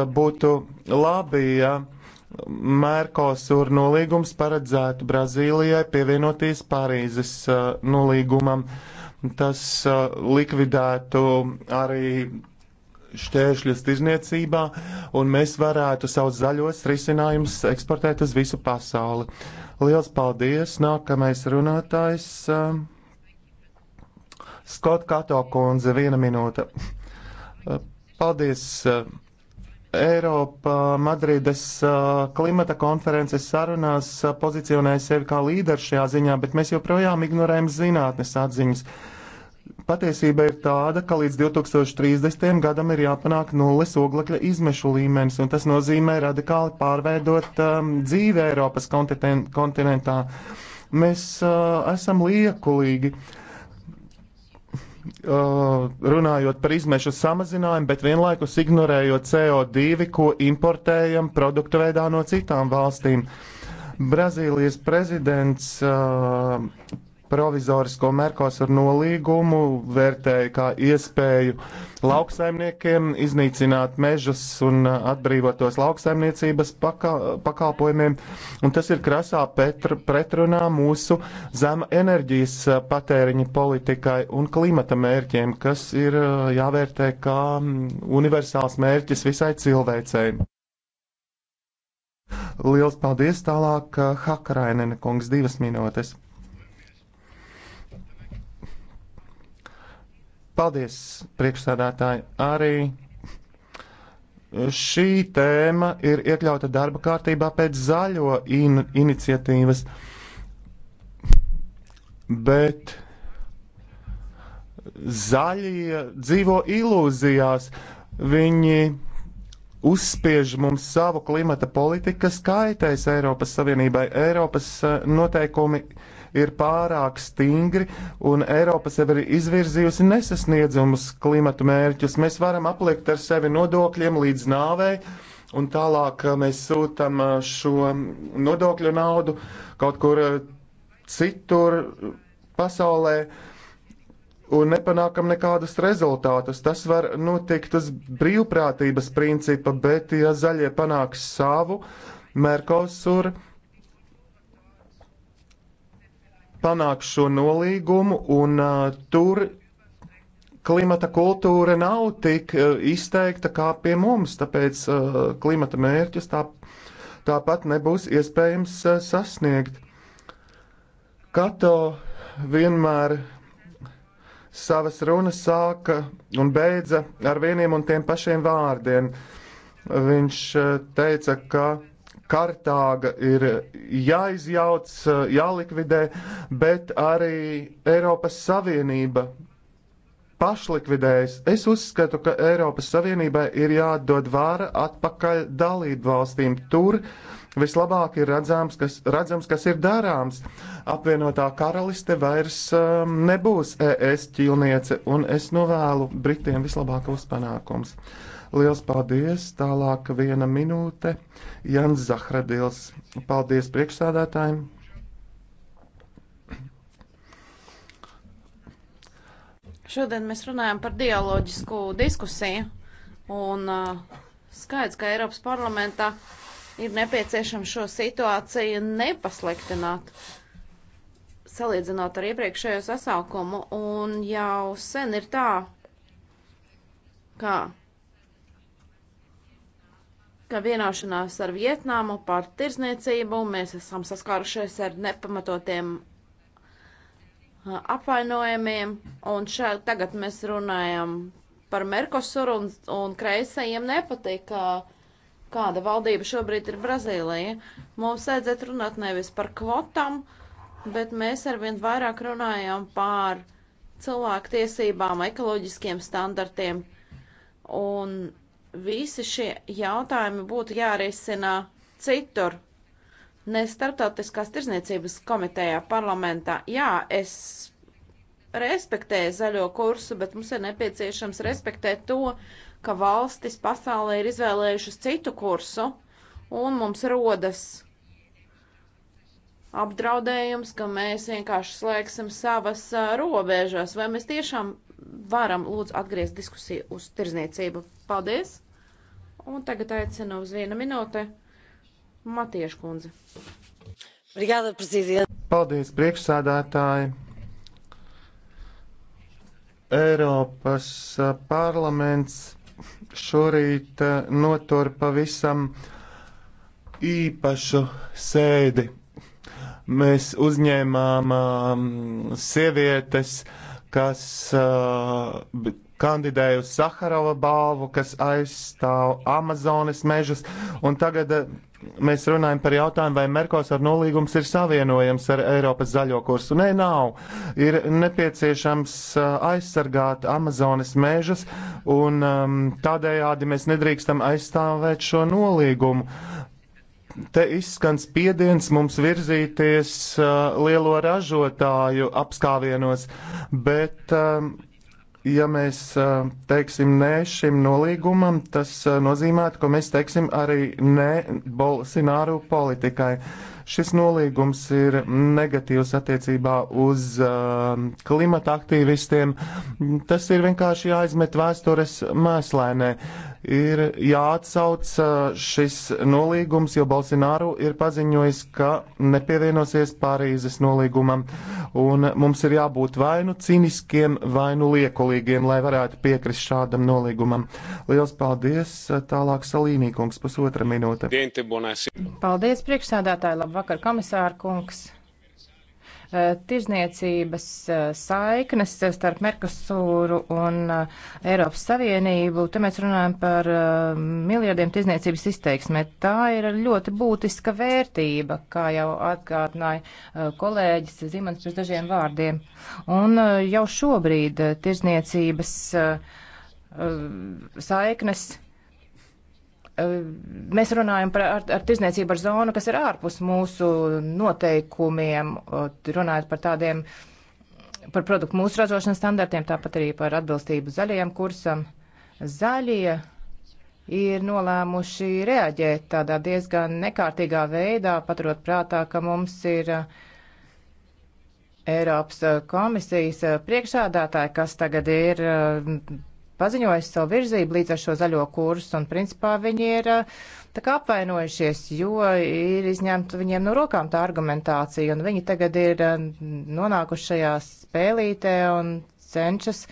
būtu labi, ja Mērkosur nolīgums paredzētu Brazīlijai pievienoties Parīzes uh, nolīgumam. Tas uh, likvidētu arī šķēršļus tirzniecībā, un mēs varētu savus zaļos risinājumus eksportēt uz visu pasauli. Liels paldies! Nākamais runātājs uh, Skot Kato kundze, viena minūte. Paldies! Eiropa Madrides klimata konferences sarunās pozicionēja sevi kā līderi šajā ziņā, bet mēs joprojām ignorējam zinātnes atziņas. Patiesība ir tāda, ka līdz 2030. gadam ir jāpanāk nulles oglekļa izmešu līmenis, un tas nozīmē radikāli pārveidot um, dzīvi Eiropas kontinentā. Mēs uh, esam liekulīgi. Uh, Uh, runājot par izmešu samazinājumu, bet vienlaikus ignorējot CO2, ko importējam produktu veidā no citām valstīm. Brazīlijas prezidents uh, provizorisko Merkosur nolīgumu vērtēja kā iespēju lauksaimniekiem iznīcināt mežus un uh, atbrīvot tos lauksaimniecības pakal pakalpojumiem, un tas ir krasā pretrunā mūsu zema enerģijas uh, patēriņa politikai un klimata mērķiem, kas ir uh, jāvērtē kā mm, universāls mērķis visai cilvēcei. Liels paldies tālāk Hakarainene kungs divas minūtes. Paldies, priekšsādātāji. Arī šī tēma ir iekļauta darba kārtībā pēc zaļo in iniciatīvas, bet zaļie dzīvo ilūzijās. Viņi uzspiež mums savu klimata politiku, kas kaitēs Eiropas Savienībai. Eiropas eh, noteikumi ir ir pārāk stingri un Eiropa sev ir izvirzījusi nesasniedzumus klimatu mērķus. Mēs varam apliekt ar sevi nodokļiem līdz nāvei. Un tālāk uh, mēs sūtam uh, šo nodokļu naudu kaut kur uh, citur pasaulē, un nepanākam nekādus rezultātus. Tas var notikt uz brīvprātības principa, bet ja zaļie panāks savu, Merkosur panākt šo nolīgumu, un uh, tur klimata kultūra nav tik uh, izteikta kā pie mums, tāpēc uh, klimata mērķus tā, tāpat nebūs iespējams uh, sasniegt. Kato vienmēr savas runas sāka un beidza ar vieniem un tiem pašiem vārdiem. Viņš uh, teica, ka Kartāga ir jāizjauc, jālikvidē, bet arī Eiropas Savienība pašlikvidējas. Es uzskatu, ka Eiropas Savienībai ir jādod vāra atpakaļ dalību valstīm. Tur vislabāk ir redzams, kas, redzams, kas ir darāms. Apvienotā karaliste vairs um, nebūs ES ķīlniece, un es novēlu Britiem vislabākos panākums. Liels paldies! Tālāk viena minūte. Jans Zahradils. Paldies priekšsādātājiem! Šodien mēs runājam par dialoģisku diskusiju, un uh, skaidrs, ka Eiropas parlamentā ir nepieciešams šo situāciju nepasliktināt, salīdzinot ar iepriekšējo sasaukumu, un jau sen ir tā, ka ka vienošanās ar Vietnamu par tirzniecību mēs esam saskārušies ar nepamatotiem apvainojumiem, un šeit tagad mēs runājam par Merkosuru, un, un kreisajiem nepatīk, ka kāda valdība šobrīd ir Brazīlija. Mums vajadzētu runāt nevis par kvotam, bet mēs arvien vairāk runājam par cilvēku tiesībām, ekoloģiskiem standartiem. Un visi šie jautājumi būtu jārisina citur, ne starptautiskās tirzniecības komitejā parlamentā. Jā, es respektēju zaļo kursu, bet mums ir nepieciešams respektēt to, ka valstis pasaulē ir izvēlējušas citu kursu, un mums rodas apdraudējums, ka mēs vienkārši slēgsim savas robežas, vai mēs tiešām varam lūdzu atgriezt diskusiju uz tirzniecību. Paldies! Un tagad aicinu uz vienu minūte Matiešu kundzi. Brigāda prezidija. Paldies, priekšsādātāji! Eiropas parlaments šorīt notur pavisam īpašu sēdi. Mēs uzņēmām um, sievietes uh, kas uh, kandidēja uz Saharova balvu, kas aizstāv Amazonas mežus. Un tagad uh, mēs runājam par jautājumu, vai Merkosur nolīgums ir savienojams ar Eiropas zaļo kursu. Nē, nav. Ir nepieciešams aizsargāt Amazonas mežas, un um, tādējādi mēs nedrīkstam aizstāvēt šo nolīgumu te izskan spiediens mums virzīties uh, lielo ražotāju apskāvienos, bet, uh, ja mēs uh, teiksim nē šim nolīgumam, tas uh, nozīmētu, ka mēs teiksim arī nē Bolsināru politikai. Šis nolīgums ir negatīvs attiecībā uz uh, klimata aktīvistiem. Tas ir vienkārši jāizmet vēstures mēslēnē. Uh, ir jāatsauc šis nolīgums, jo Bolsināru ir paziņojis, ka nepievienosies Pārīzes nolīgumam. Un mums ir jābūt vainu ciniskiem, vainu liekulīgiem, lai varētu piekrist šādam nolīgumam. Liels paldies! Tālāk Salīnī kungs, pusotra minūte. Paldies, priekšsēdētāji! Labvakar, komisāra kungs! Eh, tirzniecības eh, saiknes eh, starp Merkosūru un Eiropas Savienību. Te mēs runājam par miljardiem tirzniecības izteiksmē. Tā ir ļoti būtiska vērtība, kā jau atgādināja kolēģis Zimans pirms dažiem vārdiem. Un jau šobrīd tirzniecības saiknes Eh, mēs runājam par ar, ar tirzniecību ar zonu, kas ir ārpus mūsu noteikumiem, runājot par tādiem, par produktu mūsu ražošanas standartiem, tāpat arī par atbilstību zaļajam kursam. Zaļie ir nolēmuši reaģēt tādā diezgan nekārtīgā veidā, paturot prātā, ka mums ir eh, Eiropas eh, komisijas priekšādātāji, kas tagad ir paziņojusi savu virzību līdz ar šo zaļo kursu, un principā viņi ir eh, tā kā apvainojušies, jo ir izņemta viņiem no rokām tā argumentācija, un viņi tagad ir eh, nonākuši šajā spēlītē un cenšas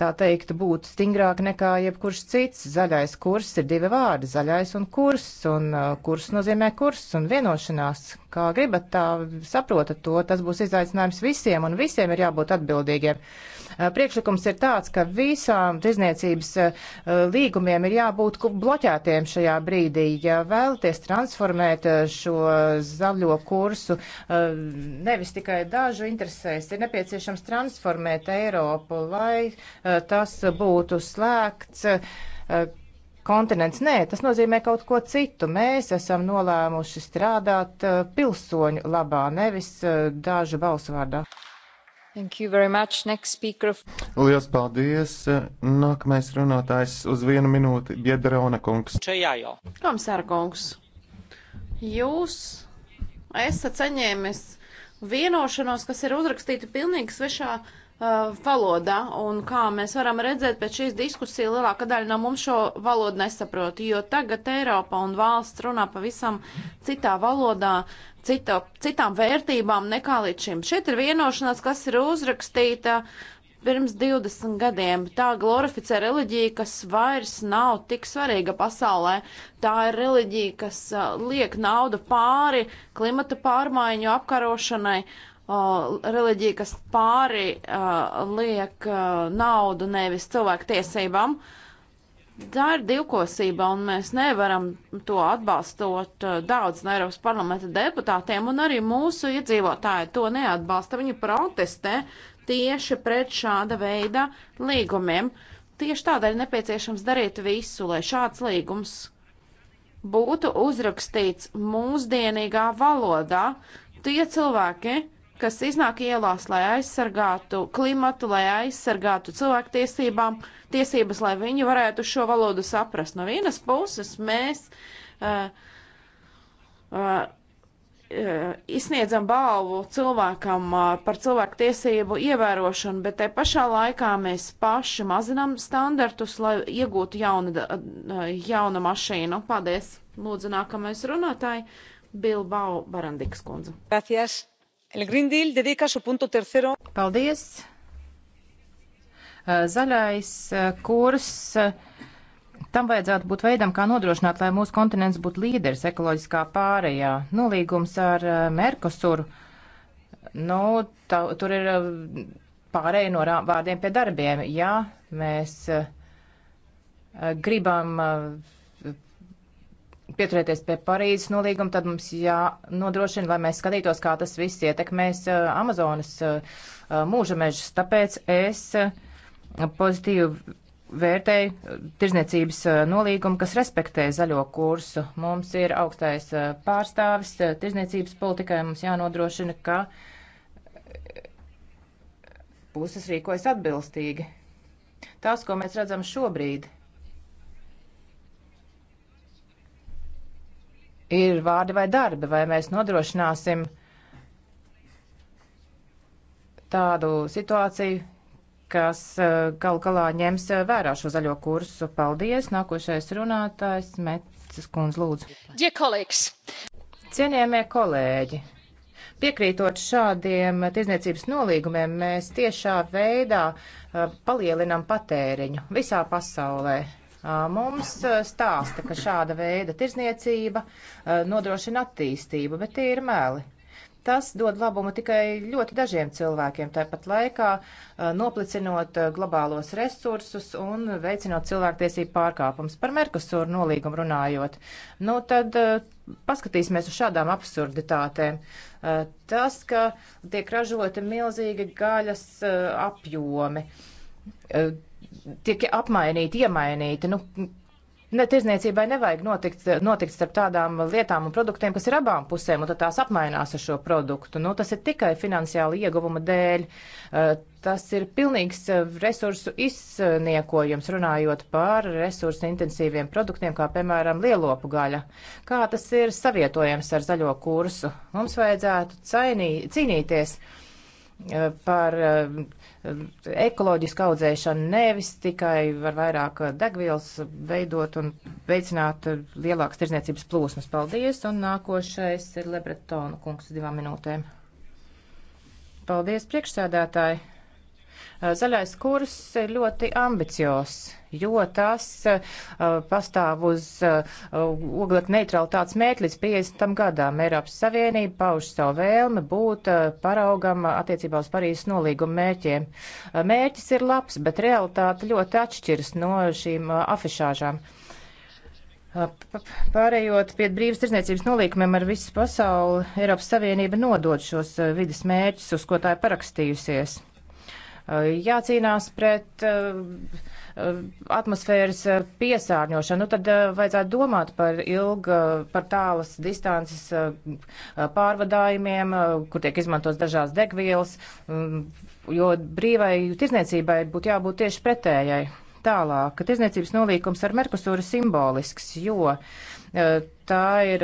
tā teikt, būt stingrāk nekā jebkurš cits. Zaļais kurs ir divi vārdi - zaļais un kurs, un uh, kurs nozīmē kurs un vienošanās, kā gribat, tā saprotat to, tas būs izaicinājums visiem, un visiem ir jābūt atbildīgiem. Priekšlikums ir tāds, ka visām tirzniecības līgumiem ir jābūt bloķētiem šajā brīdī. Ja vēlaties transformēt šo zaļo kursu, nevis tikai dažu interesēs, ir nepieciešams transformēt Eiropu, lai tas būtu slēgts kontinents. Nē, tas nozīmē kaut ko citu. Mēs esam nolēmuši strādāt eh, pilsoņu labā, nevis eh, dažu balsu vārdā. Lielas paldies! Nākamais runātājs uz vienu minūti - Biedrona kungs. Čajājo. Komisāra kungs, jūs esat saņēmis vienošanos, kas ir uzrakstīta pilnīgi svešā Uh, valodā, un kā mēs varam redzēt, pēc šīs diskusijas lielākā daļa no mums šo valodu nesaprot, jo tagad Eiropa un valsts runā pavisam citā valodā, cita, citām vērtībām nekā līdz šim. Šeit ir vienošanās, kas ir uzrakstīta pirms 20 gadiem. Tā glorificē reliģija, kas vairs nav tik svarīga pasaulē. Tā ir reliģija, kas uh, liek naudu pāri klimata pārmaiņu apkarošanai Uh, reliģija, kas pāri uh, liek uh, naudu nevis cilvēku tiesībām. Tā ir divkosība, un mēs nevaram to atbalstot daudz no Eiropas parlamenta deputātiem, un arī mūsu iedzīvotāji to neatbalsta. Viņi protestē tieši pret šāda veida līgumiem. Tieši tādēļ nepieciešams darīt visu, lai šāds līgums būtu uzrakstīts mūsdienīgā valodā. Tie cilvēki, kas iznāk ielās, lai aizsargātu klimatu, lai aizsargātu cilvēku tiesībām, tiesības, lai viņi varētu šo valodu saprast. No vienas puses mēs uh, uh, uh izsniedzam balvu cilvēkam uh, par cilvēku tiesību ievērošanu, bet te pašā laikā mēs paši mazinam standartus, lai iegūtu jaunu, uh, jaunu mašīnu. Paldies! Lūdzu, nākamais runātāji Bilbao Barandikas kundze. Gracias. Paldies! Eh, zaļais eh, kurs. Eh, tam vajadzētu būt veidam, kā nodrošināt, lai mūsu kontinents būtu līderis ekoloģiskā pārējā. Nolīgums ar Merkosuru, nu, tā, tur ir pārēja no vārdiem pie darbiem. Jā, mēs gribam pieturēties pie Parīzes nolīguma, tad mums jānodrošina, lai mēs skatītos, kā tas viss ietekmēs uh, Amazonas uh, uh, mūža mežus. Tāpēc es pozitīvi vērtēju tirzniecības nolīgumu, kas respektē zaļo kursu. Mums ir augstais pārstāvis tirzniecības politikai, mums jānodrošina, ka puses rīkojas atbilstīgi. Tas, ko mēs redzam šobrīd, ir vārdi vai darbi, vai mēs nodrošināsim tādu situāciju, kas eh, gal galā ņems eh, vērā šo zaļo kursu. Paldies! Nākošais runātājs Metis Kunz lūdzu. Cienījamie kolēģi! Piekrītot šādiem tirzniecības nolīgumiem, mēs tiešā veidā eh, palielinam patēriņu visā pasaulē. Uh, mums uh, stāsta, ka šāda veida tirzniecība uh, nodrošina attīstību, bet tie ir meli. Tas dod labumu tikai ļoti dažiem cilvēkiem, tāpat laikā noplicinot globālos resursus un veicinot cilvēktiesību pārkāpumus. Par Merkusūru nolīgumu runājot, nu tad paskatīsimies uz šādām absurditātēm. Tas, ka tiek ražoti milzīgi gaļas apjomi tiek apmainīti, iemainīti. Nu, Ne, tirzniecībai nevajag notikt, notikt starp tādām lietām un produktiem, kas ir abām pusēm, un tad tās apmainās ar šo produktu. Nu, tas ir tikai finansiāli ieguvuma dēļ. Eh, tas ir pilnīgs eh, resursu izniekojums, runājot par resursu intensīviem produktiem, kā piemēram lielopu gaļa. Kā tas ir savietojams ar zaļo kursu? Mums vajadzētu cainī, cīnīties eh, par ekoloģisku audzēšanu, nevis tikai ar vairāk degvielas veidot un veicināt lielākas tirzniecības plūsmas. Paldies, un nākošais ir Lebretona kungs divām minūtēm. Paldies, priekšsēdētāji! Zaļais kurs ir ļoti ambiciozs jo tas uh, pastāv uz uh, oglekļa neutralitātes mērķi līdz 50. gadām. Eiropas Savienība pauž savu vēlmi būt uh, paraugam attiecībā uz Parīzes nolīguma mērķiem. Mērķis ir labs, bet realitāte ļoti atšķiras no šīm afišāžām. Pārējot pie brīvas tirdzniecības nolīkumiem ar visu pasauli, Eiropas Savienība nodod šos vidas mērķus, uz ko tā ir parakstījusies jācīnās pret uh, uh, atmosfēras uh, piesārņošanu. Nu, tad vajadzētu domāt par ilga, par tālas distances pārvadājumiem, kur tiek izmantos dažās degvielas, um, jo brīvai tirzniecībai būtu jābūt tieši pretējai. Tālāk, ka tirzniecības nolīkums ar Merkusūru simbolisks, jo tā ir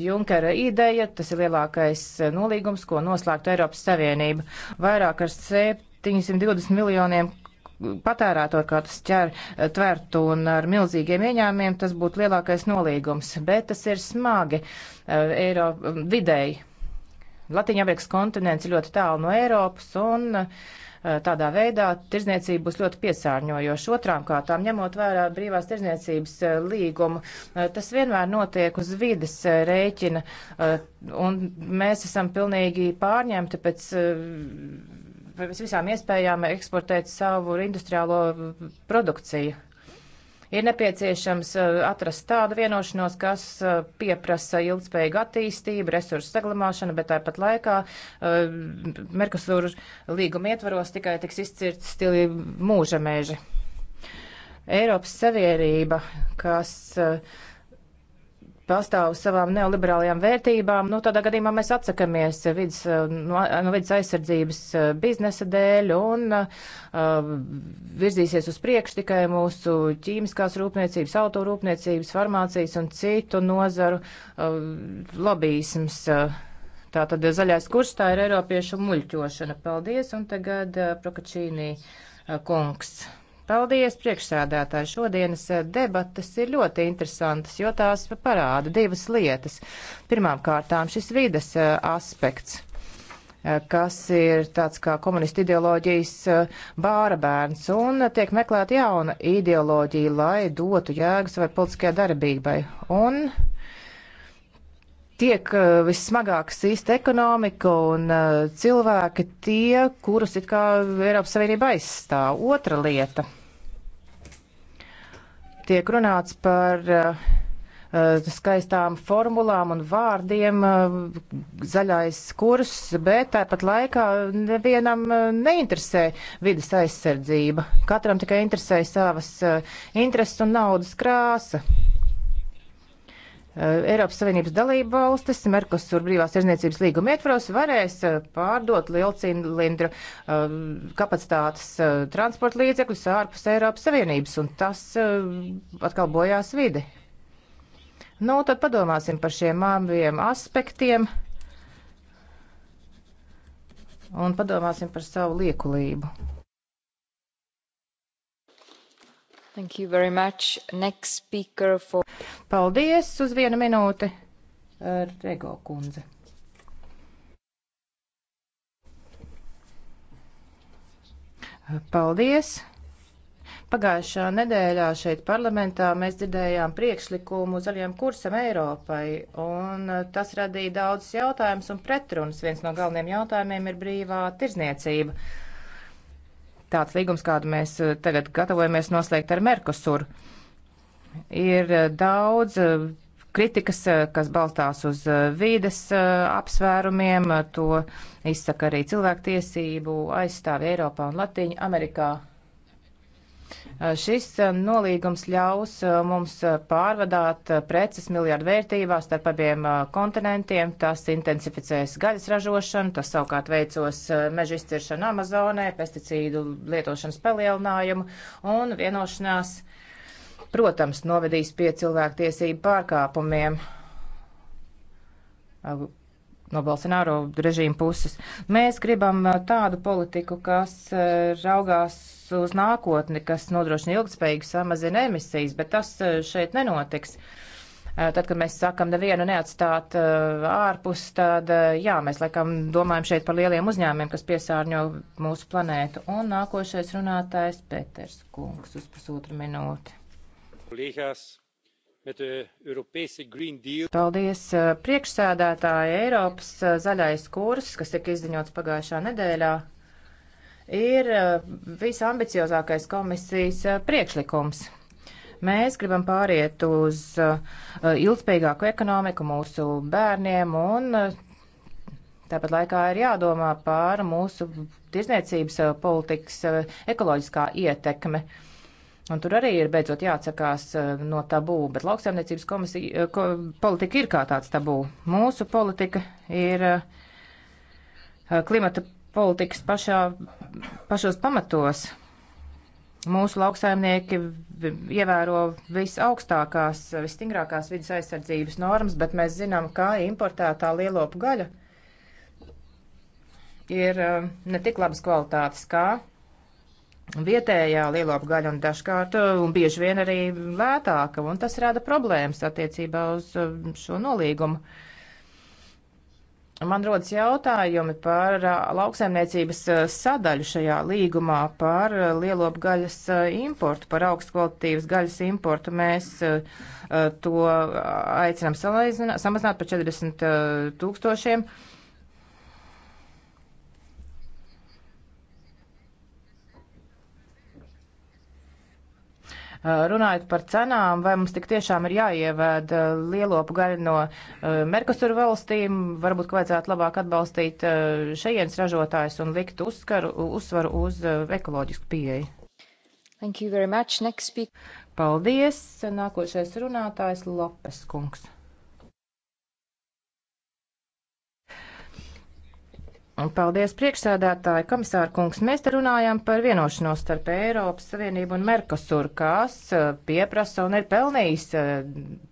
Junkera ideja, tas ir lielākais nolīgums, ko noslēgtu Eiropas Savienība. Vairāk ar sep 720 miljoniem patērētāju, kā tas ķer tvertu un ar milzīgiem ieņēmumiem, tas būtu lielākais nolīgums, bet tas ir smagi eh, eiro vidēji. Latvijas kontinents ir ļoti tālu no Eiropas un eh, tādā veidā tirzniecība būs ļoti piesārņojoša. Otrām kārtām, ņemot vērā brīvās tirzniecības eh, līgumu, tas vienmēr notiek uz vides rēķina, un mēs esam pilnīgi pārņemti pēc pēc visām iespējām eksportēt savu industriālo produkciju. Ir nepieciešams uh, atrast tādu vienošanos, kas uh, pieprasa ilgspējīgu attīstību, resursu saglabāšanu, bet tāpat laikā uh, Merkusūra līguma ietvaros tikai tiks izcirts stili mūža mēži. Eiropas Savienība, kas uh, pastāv uz savām neoliberālajām vērtībām, nu, tādā gadījumā mēs atsakamies vidas, eh, no, no vidas aizsardzības eh, biznesa dēļ un uh, virzīsies uz priekšu tikai mūsu ķīmiskās rūpniecības, autorūpniecības, farmācijas un citu nozaru uh, lobbyisms. Uh, Tātad zaļais kurs tā ir Eiropiešu muļķošana. Paldies, un tagad uh, Prokačīnī uh, kungs. Paldies, priekšsēdētāji. Šodienas eh, debatas ir ļoti interesantas, jo tās parāda divas lietas. Pirmām kārtām šis vides eh, aspekts eh, kas ir tāds kā komunistu ideoloģijas bāra bērns, un tiek meklēta jauna ideoloģija, lai dotu jēgas vai politiskajai darbībai. Un tiek vissmagāk sīst ekonomika un cilvēki tie, kurus it kā Eiropas Savienība aizstāv. Otra lieta Tiek runāts par uh, skaistām formulām un vārdiem, eh, zaļais kurs, bet tāpat laikā nevienam neinteresē vidas aizsardzība. Katram tikai interesē savas intereses un naudas krāsa. Eh, Eiropas Savienības dalību valstis Merkosur brīvās tirzniecības līguma ietvaros varēs eh, pārdot lielcilindru eh, kapacitātes transporta līdzekļus ārpus Eiropas Savienības, un tas atkal bojās vidi. Nu, tad padomāsim par šiem abiem aspektiem un padomāsim par savu liekulību. For... Paldies uz vienu minūti, eh, Rego kundze. Eh, paldies! Pagājušā nedēļā šeit parlamentā mēs dzirdējām priekšlikumu zaļiem kursam Eiropai, un eh, tas radīja daudzus jautājumus un pretrunas. Viens no galvenajiem jautājumiem ir brīvā tirzniecība tāds līgums, kādu mēs eh, tagad gatavojamies noslēgt ar Merkosuru. Ir eh, daudz eh, kritikas, kas balstās uz vīdes apsvērumiem, to izsaka arī cilvēktiesību aizstāvi Eiropā un Latīņa Amerikā Šis nolīgums ļaus mums pārvadāt preces miljardu vērtībā starp abiem kontinentiem. Tas intensificēs gaļas ražošanu, tas savukārt veicos meža izciršanu Amazonē, pesticīdu lietošanas palielinājumu un vienošanās, protams, novedīs pie cilvēktiesību pārkāpumiem no Bolsonaro režīma puses. Mēs gribam tādu politiku, kas raugās uz nākotni, kas nodrošina ilgspējīgu samazina emisijas, bet tas eh, šeit nenotiks. Eh, tad, kad mēs sakam nevienu neatstāt eh, ārpus, tad jā, mēs laikam domājam šeit par lieliem uzņēmumiem, kas piesārņo mūsu planētu. Un nākošais runātājs Peters Kungs uz pusotru minūti. Kolēģās, Paldies priekšsēdētāji Eiropas zaļais kurs, kas tika izziņots pagājušā nedēļā, ir eh, visambiciozākais komisijas eh, priekšlikums. Mēs gribam pāriet uz eh, ilgspējīgāku ekonomiku mūsu bērniem un Tāpat laikā ir jādomā par mūsu tirzniecības politikas ekoloģiskā ietekme. Un tur arī ir beidzot jāatsakās no tabū, bet lauksaimniecības komisija, ko, politika ir kā tāds tabū. Mūsu politika ir klimata politikas pašā, pašos pamatos. Mūsu lauksaimnieki ievēro visaugstākās, visstingrākās vidas aizsardzības normas, bet mēs zinām, ka importētā lielopu gaļa ir eh, ne tik labas kvalitātes kā vietējā lielopu gaļa un dažkārt eh, un bieži vien arī lētāka, un tas rada problēmas attiecībā uz eh, šo nolīgumu. Man rodas jautājumi par uh, lauksaimniecības uh, sadaļu šajā līgumā, par uh, lielopgaļas importu, par augstkwalitīvas gaļas importu. Mēs to aicinām samazināt par 40 tūkstošiem. Uh, Eh, runājot par cenām, vai mums tik tiešām ir jāievēd lielopu gaļu no eh, Merkosur valstīm, varbūt, ka vajadzētu labāk atbalstīt eh, šajienas ražotājs un likt uzskaru, uzsvaru uz ekoloģisku pieeju. Thank you very much. Next speaker. Paldies. Nākošais runātājs Lopes kungs. Paldies, priekšsēdētāji, komisāra kungs. Mēs te runājam par vienošanos starp Eiropas Savienību un Merkosur, kas eh, pieprasa un ir pelnījis eh,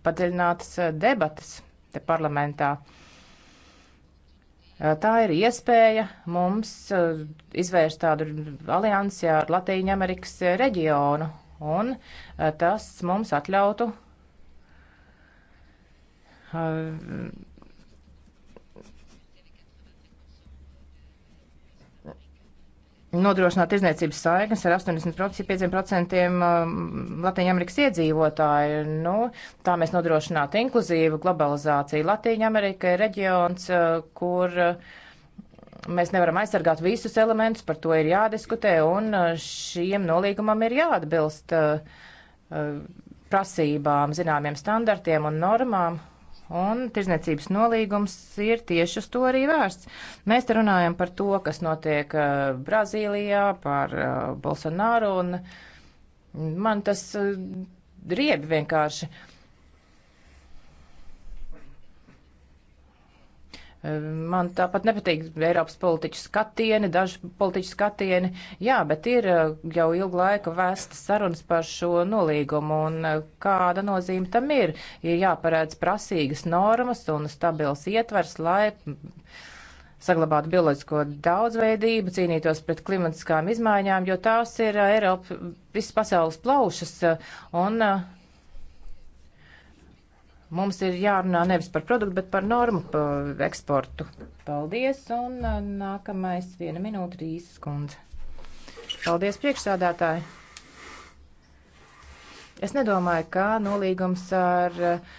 padziļinātas eh, debatas te parlamentā. Tā ir iespēja mums izvērst tādu aliansi ar Latīņu Amerikas reģionu, un tas mums atļautu nodrošināt izniecības saiknes ar 85% um, Latvijas-Amerikas iedzīvotāju. Nu, tā mēs nodrošinātu inkluzīvu globalizāciju. Latvija-Amerika ir reģions, uh, kur uh, mēs nevaram aizsargāt visus elementus, par to ir jādiskutē, un uh, šiem nolīgumam ir jāatbilst prasībām, zināmiem standartiem un normām. Un tirzniecības nolīgums ir tieši uz to arī vērsts. Mēs te runājam par to, kas notiek uh, Brazīlijā, par uh, Bolsonaro, un man tas uh, riebi vienkārši. Uh, Man tāpat nepatīk Eiropas politiķu skatieni, dažu politiķu skatieni, jā, bet ir eh, jau ilgu laiku vēsta sarunas par šo nolīgumu un eh, kāda nozīme tam ir. Ir jāparēdz prasīgas normas un stabils ietvers, lai mm, saglabātu bioloģisko daudzveidību, cīnītos pret klimatiskām izmaiņām, jo tās ir eh, Eiropa, visas pasaules plaušas un mums ir jārunā nevis par produktu, bet par normu pa eksportu. Paldies, un uh, nākamais viena minūte Rīsas kundze. Paldies, priekšsādātāji! Es nedomāju, ka nolīgums ar uh,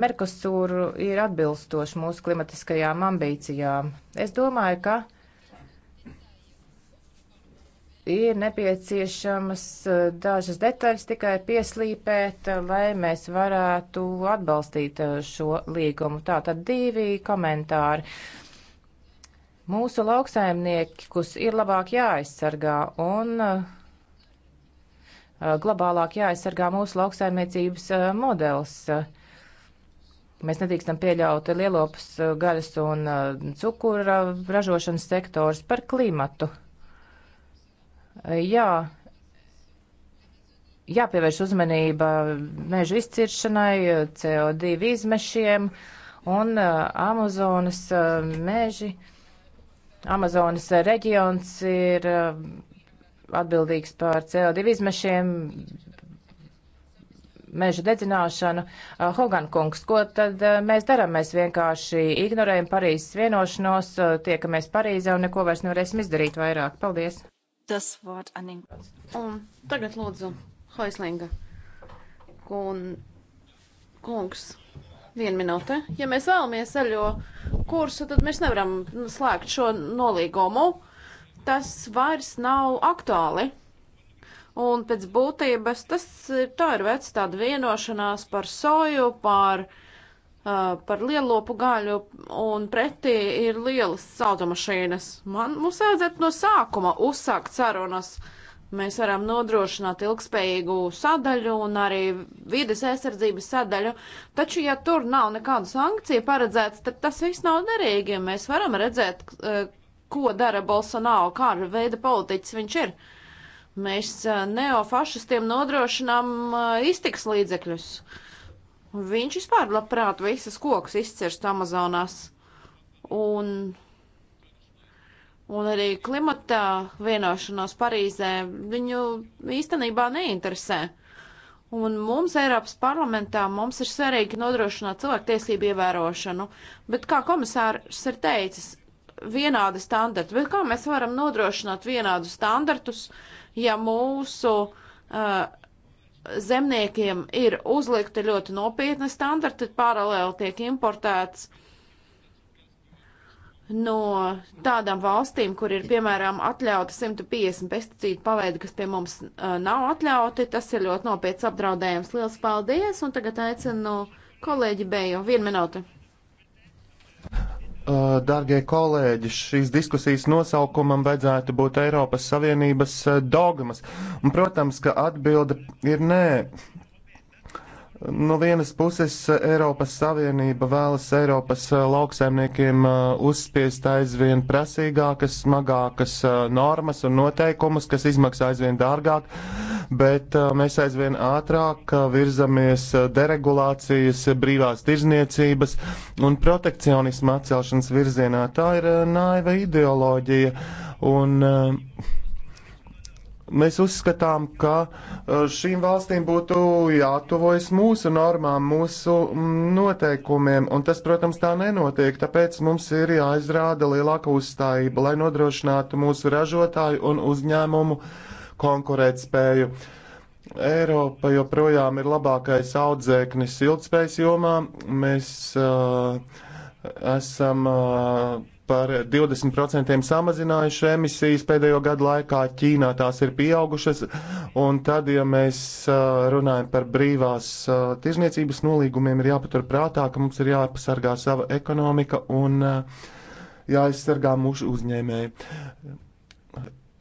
Merkosūru ir atbilstoši mūsu klimatiskajām ambīcijām. Es domāju, ka ir nepieciešamas eh, dažas detaļas tikai pieslīpēt, eh, lai mēs varētu atbalstīt eh, šo līgumu. Tā tad divi komentāri. Mūsu lauksaimniekus ir labāk jāaizsargā un globālāk jāaizsargā mūsu lauksaimniecības modelis. Mēs nedrīkstam pieļaut lielopas gaļas un cukura ražošanas sektors par klimatu. Jā, jāpievērš uzmanība mežu izciršanai, CO2 izmešiem un uh, Amazonas uh, meži. Amazonas reģions ir uh, atbildīgs par CO2 izmešiem, meža dedzināšanu. Hogan kungs, ko tad mēs darām? Mēs vienkārši ignorējam Parīzes vienošanos, tiekamies Parīzē un neko vairs nevarēsim izdarīt vairāk. Paldies! das Wort an den. Un tagad lūdzu Hoislinga un kungs. Vienu minūte. Ja mēs vēlamies zaļo kursu, tad mēs nevaram slēgt šo nolīgumu. Tas vairs nav aktuāli. Un pēc būtības tas tā ir vecs tāda vienošanās par soju, par uh, par lielopu gaļu un pretī ir lielas automašīnas. Man mums vajadzētu no sākuma uzsākt sarunas. Mēs varam nodrošināt ilgspējīgu sadaļu un arī vides aizsardzības sadaļu, taču, ja tur nav nekādu sankciju paredzēts, tad tas viss nav derīgi. Mēs varam redzēt, ko dara Bolsonaro, kāda veida politiķis viņš ir. Mēs neofašistiem nodrošinām iztiks līdzekļus. Uh, Viņš vispār labprāt visas kokus izcirst Amazonās. Un, un arī klimata vienošanos Parīzē viņu īstenībā neinteresē. Un mums Eiropas parlamentā mums ir svarīgi nodrošināt cilvēktiesību ievērošanu, bet kā komisārs ir teicis, vienādi standarti, bet kā mēs varam nodrošināt vienādus standartus, ja mūsu uh, zemniekiem ir uzlikti ļoti nopietni standarti, paralēli tiek importēts no tādām valstīm, kur ir, piemēram, atļauta 150 pesticīdu paveidi, kas pie mums uh, nav atļauti. Tas ir ļoti nopietns apdraudējums. Lielas paldies! Un tagad aicinu kolēģi Bejo. Vienu minūti! Uh, Darbie kolēģi, šīs diskusijas nosaukumam vajadzētu būt Eiropas Savienības uh, dogmas. Un, protams, ka atbilde ir nē. No vienas puses Eiropas Savienība vēlas Eiropas eh, lauksaimniekiem eh, uzspiest aizvien prasīgākas, smagākas eh, normas un noteikumus, kas izmaksā aizvien dārgāk, bet mēs aizvien ātrāk virzamies deregulācijas, brīvās tirzniecības un protekcionisma atcelšanas virzienā. Tā ir naiva ideoloģija un Mēs uzskatām, ka e, šīm valstīm būtu jātuvojas mūsu normām, mūsu noteikumiem, un tas, protams, tā nenotiek. Tāpēc mums ir jāizrāda lielāka uzstājība, lai nodrošinātu mūsu ražotāju un uzņēmumu konkurētspēju. Eiropa joprojām ir labākais audzēknis siltspējas jomā. Mēs uh, esam. Uh, par 20% samazinājuši emisijas pēdējo gadu laikā, Ķīnā tās ir pieaugušas, un tad, ja mēs runājam par brīvās tirzniecības nolīgumiem, ir jāpatur prātā, ka mums ir jāpasargā sava ekonomika un jāaizsargā mūsu uzņēmēji.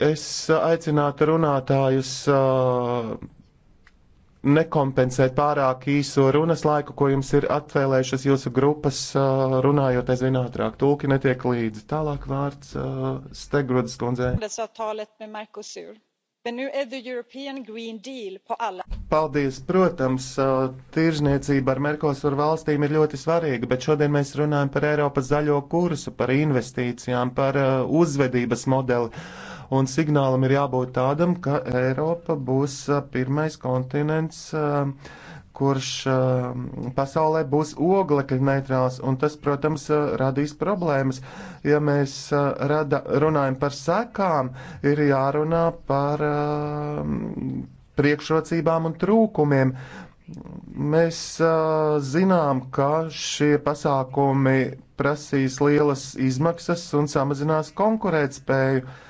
Es aicinātu runātājus nekompensēt pārāk īso runas laiku, ko jums ir atvēlējušas jūsu grupas, uh, runājot aizvien ātrāk. Tūki netiek līdzi. Tālāk vārds uh, Stegrodas kundzē. Nu Paldies, protams, uh, tirzniecība ar Merkosur valstīm ir ļoti svarīga, bet šodien mēs runājam par Eiropas zaļo kursu, par investīcijām, par uzvedības modeli Un signālam ir jābūt tādam, ka Eiropa būs pirmais kontinents, kurš pasaulē būs oglekļa neitrāls, un tas, protams, radīs problēmas. Ja mēs rada, runājam par sekām, ir jārunā par priekšrocībām un trūkumiem. Mēs uh, zinām, ka šie pasākumi prasīs lielas izmaksas un samazinās konkurētspēju. Uh,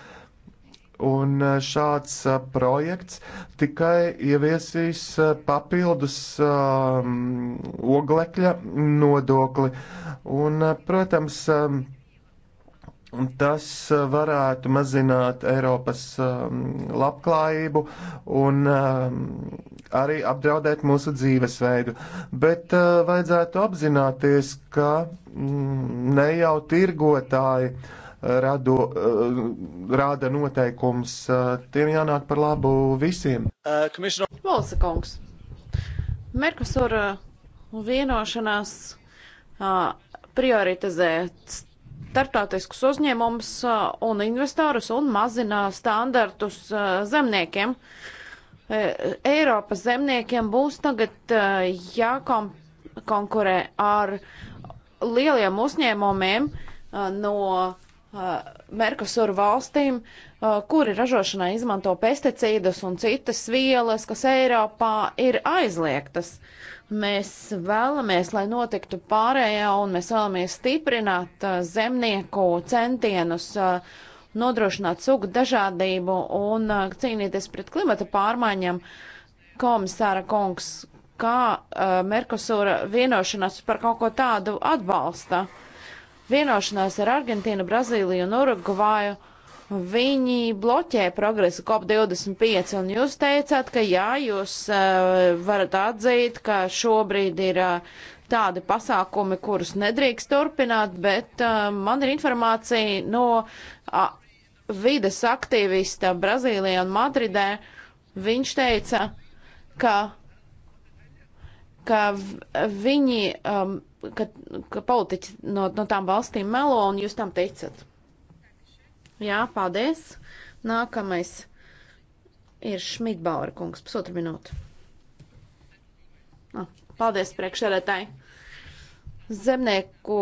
Un eh, šāds eh, projekts tikai ieviesīs eh, papildus um, oglekļa nodokli. Un, protams, um, Tas varētu mazināt Eiropas um, labklājību un um, arī apdraudēt mūsu dzīvesveidu. Bet uh, vajadzētu apzināties, ka mm, ne jau tirgotāji uh, rado, eh, rāda noteikums, eh, tiem jānāk par labu visiem. Eh, Valsa kungs, Merkusura vienošanās prioritizē starptautiskus uzņēmumus un investorus un mazina standartus zemniekiem. Eiropas zemniekiem būs tagad jākonkurē ar lieliem uzņēmumiem no Uh, Merkusur valstīm, uh, kuri ražošanai izmanto pesticīdus un citas vielas, kas Eiropā ir aizliegtas. Mēs vēlamies, lai notiktu pārējā, un mēs vēlamies stiprināt uh, zemnieku centienus nodrošināt sugu dažādību un cīnīties pret klimata pārmaiņām. Komisāra kungs, kā Merkusura vienošanās par kaut ko tādu atbalsta? Uh, vienošanās ar Argentīnu, Brazīliju un Urugvāju, viņi bloķē progresu COP25, un jūs teicāt, ka jā, jūs uh, varat atzīt, ka šobrīd ir uh, tādi pasākumi, kurus nedrīkst turpināt, bet uh, man ir informācija no uh, vides aktīvista Brazīlijā un Madridē. Viņš teica, ka, ka viņi um, ka, ka politiķi no, no tām valstīm melo un jūs tam teicat. Jā, paldies. Nākamais ir Šmitbaura kungs, pusotru minūtu. Ah, paldies priekšsēdētāji. Zemnieku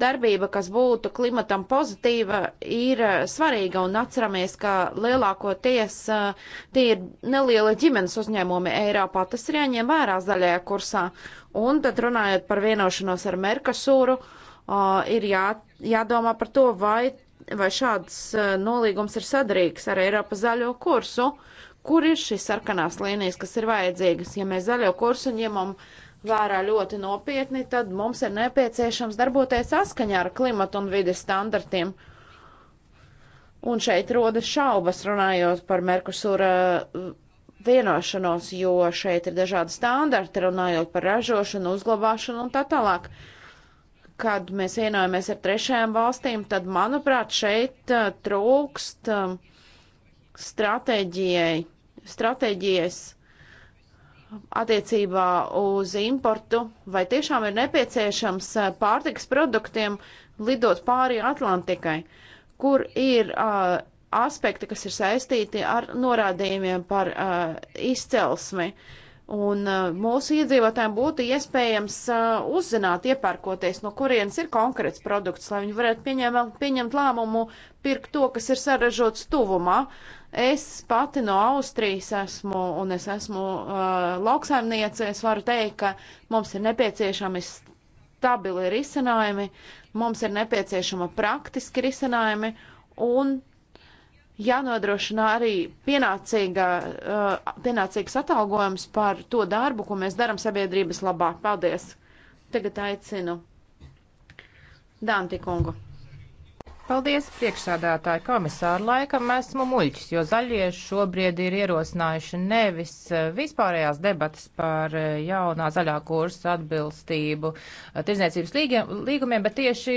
darbība, kas būtu klimatam pozitīva, ir eh, svarīga un atceramies, ka lielākoties eh, tie ir neliela ģimenes uzņēmumi Eiropā. Tas ir jāņem vērā zaļajā kursā. Un tad runājot par vienošanos ar Merkasūru, eh, ir jā, jādomā par to, vai, vai šāds nolīgums ir sadarīgs ar Eiropas zaļo kursu, kur ir šīs sarkanās līnijas, kas ir vajadzīgas. Ja mēs zaļo kursu ņemam. Ja vērā ļoti nopietni, tad mums ir nepieciešams darboties saskaņā ar klimatu un vides standartiem. Un šeit rodas šaubas runājot par Merkusura uh, vienošanos, jo šeit ir dažādi standarti runājot par ražošanu, uzglabāšanu un tā tālāk. Kad mēs vienojamies ar trešajām valstīm, tad, manuprāt, šeit uh, trūkst um, stratēģijai, stratēģijas attiecībā uz importu, vai tiešām ir nepieciešams eh, pārtiks produktiem lidot pāri Atlantikai, kur ir uh, aspekti, kas ir saistīti ar norādījumiem par uh, izcelsmi. Uh, Un uh, mūsu iedzīvotājiem būtu iespējams uh, uzzināt, iepērkoties, no kurienes ir konkrēts produkts, lai viņi varētu pieņem, pieņemt lēmumu pirkt to, kas ir saražots tuvumā. Es pati no Austrijas esmu un es esmu uh, lauksaimniece. Es varu teikt, ka mums ir nepieciešami stabili risinājumi, mums ir nepieciešama praktiski risinājumi un jānodrošina arī pienācīga, uh, pienācīgs atalgojums par to darbu, ko mēs darām sabiedrības labā. Paldies! Tagad aicinu Danti kungu. Paldies, priekšsādātāji komisāri. Laikam esmu muļķis, jo zaļie šobrīd ir ierosinājuši nevis eh, vispārējās debatas par eh, jaunā zaļā kursa atbilstību eh, tirdzniecības līgumiem, bet tieši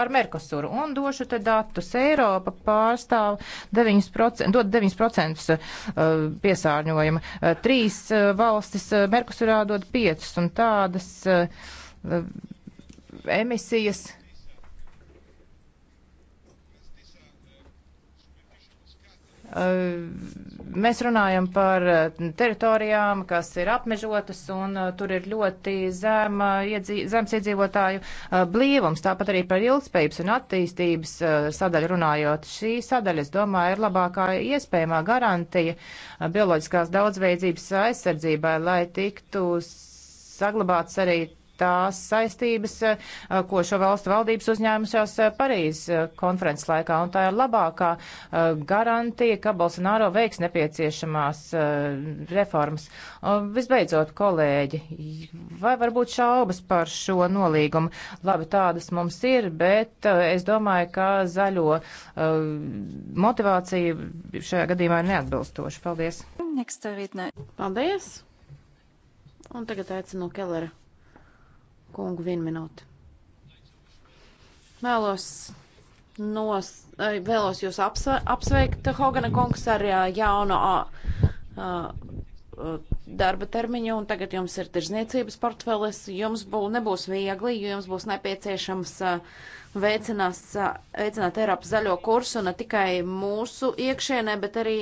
ar Merkosuru. Un došu te datus. Eiropa pārstāv 9%, dod 9% piesārņojuma. Trīs valstis Merkosurā dod 5 un tādas emisijas Mēs runājam par teritorijām, kas ir apmežotas, un tur ir ļoti zem, iedzī, zems iedzīvotāju blīvums, tāpat arī par ilgspējības un attīstības sadaļu runājot. Šī sadaļa, es domāju, ir labākā iespējamā garantija bioloģiskās daudzveidzības aizsardzībai, lai tiktu saglabāts arī tās saistības, eh, ko šo valstu valdības uzņēmušās eh, Parīzes eh, konferences laikā, un tā ir labākā garantija, ka Bolsonaro veiks nepieciešamās reformas. Visbeidzot, kolēģi, vai varbūt šaubas par šo nolīgumu? Labi, tādas mums ir, bet es domāju, ka zaļo motivācija šajā gadījumā ir neatbilstoša. Paldies! Paldies! Un tagad aicinu Kelleru kungu vienu minūti. Vēlos, nos, vēlos jūs apsveikt, Hogana kungs, ar jauno. Uh, uh, darba termiņu, un tagad jums ir tirzniecības portfelis. Jums bū, nebūs viegli, jo jums būs nepieciešams veicinās, veicināt Eiropas zaļo kursu ne tikai mūsu iekšienē, bet arī